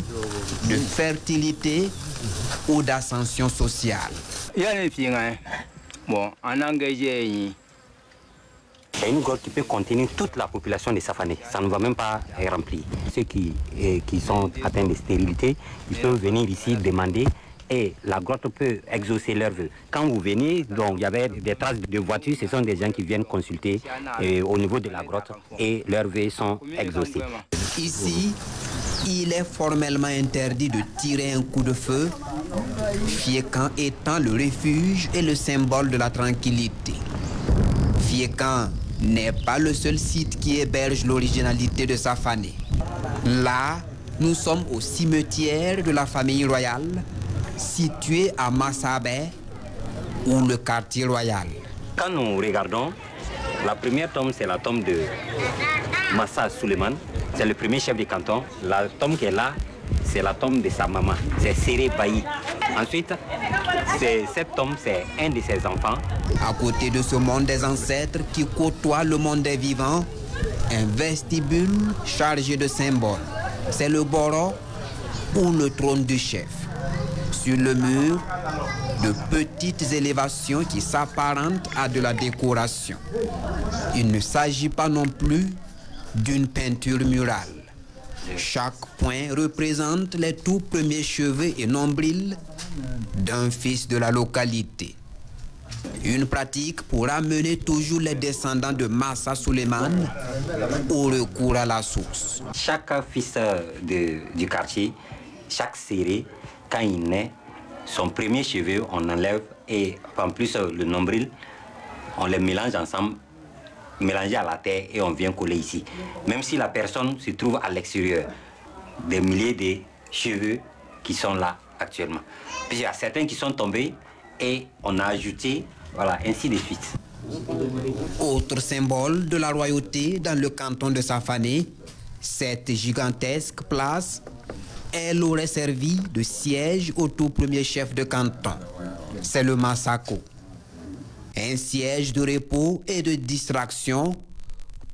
Speaker 39: de fertilité ou d'ascension sociale.
Speaker 40: Hein? Bon, en engagé, une grotte qui peut contenir toute la population de safanés. Ça ne va même pas rempli. Ceux qui, eh, qui sont atteints de stérilité, ils peuvent venir ici demander et la grotte peut exaucer leurs vœux. Quand vous venez, donc il y avait des traces de voitures, ce sont des gens qui viennent consulter eh, au niveau de la grotte et leurs vœux sont exaucés. Ici,
Speaker 39: il est formellement interdit de tirer un coup de feu, Fiekan étant le refuge et le symbole de la tranquillité. Fiekan n'est pas le seul site qui héberge l'originalité de Safané. Là, nous sommes au cimetière de la famille royale, situé à Massabé, ou le quartier royal.
Speaker 40: Quand nous regardons, la première tombe, c'est la tombe de Massa Suleiman. C'est le premier chef du canton. La tombe qui est là, c'est la tombe de sa maman, c'est Séré Bailly. Ensuite, cet homme, c'est un de ses enfants.
Speaker 39: À côté de ce monde des ancêtres qui côtoie le monde des vivants, un vestibule chargé de symboles. C'est le boro ou le trône du chef. Sur le mur, de petites élévations qui s'apparentent à de la décoration. Il ne s'agit pas non plus d'une peinture murale. Chaque point représente les tout premiers cheveux et nombrils d'un fils de la localité. Une pratique pour amener toujours les descendants de Massa Suleiman au recours à la source.
Speaker 40: Chaque fils euh, du quartier, chaque série, quand il naît, son premier cheveu, on enlève et en plus euh, le nombril, on les mélange ensemble mélangé à la terre et on vient coller ici. Même si la personne se trouve à l'extérieur, des milliers de cheveux qui sont là actuellement. Puis il y a certains qui sont tombés et on a ajouté, voilà, ainsi de suite.
Speaker 39: Autre symbole de la royauté dans le canton de Safané, cette gigantesque place, elle aurait servi de siège au tout premier chef de canton. C'est le Massako un siège de repos et de distraction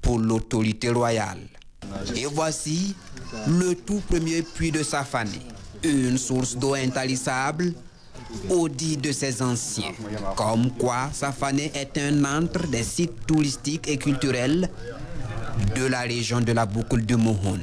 Speaker 39: pour l'autorité royale. Et voici le tout premier puits de Safane, une source d'eau intalissable, au dit de ses anciens. Comme quoi, Safané est un entre des sites touristiques et culturels de la région de la boucle de Mohon.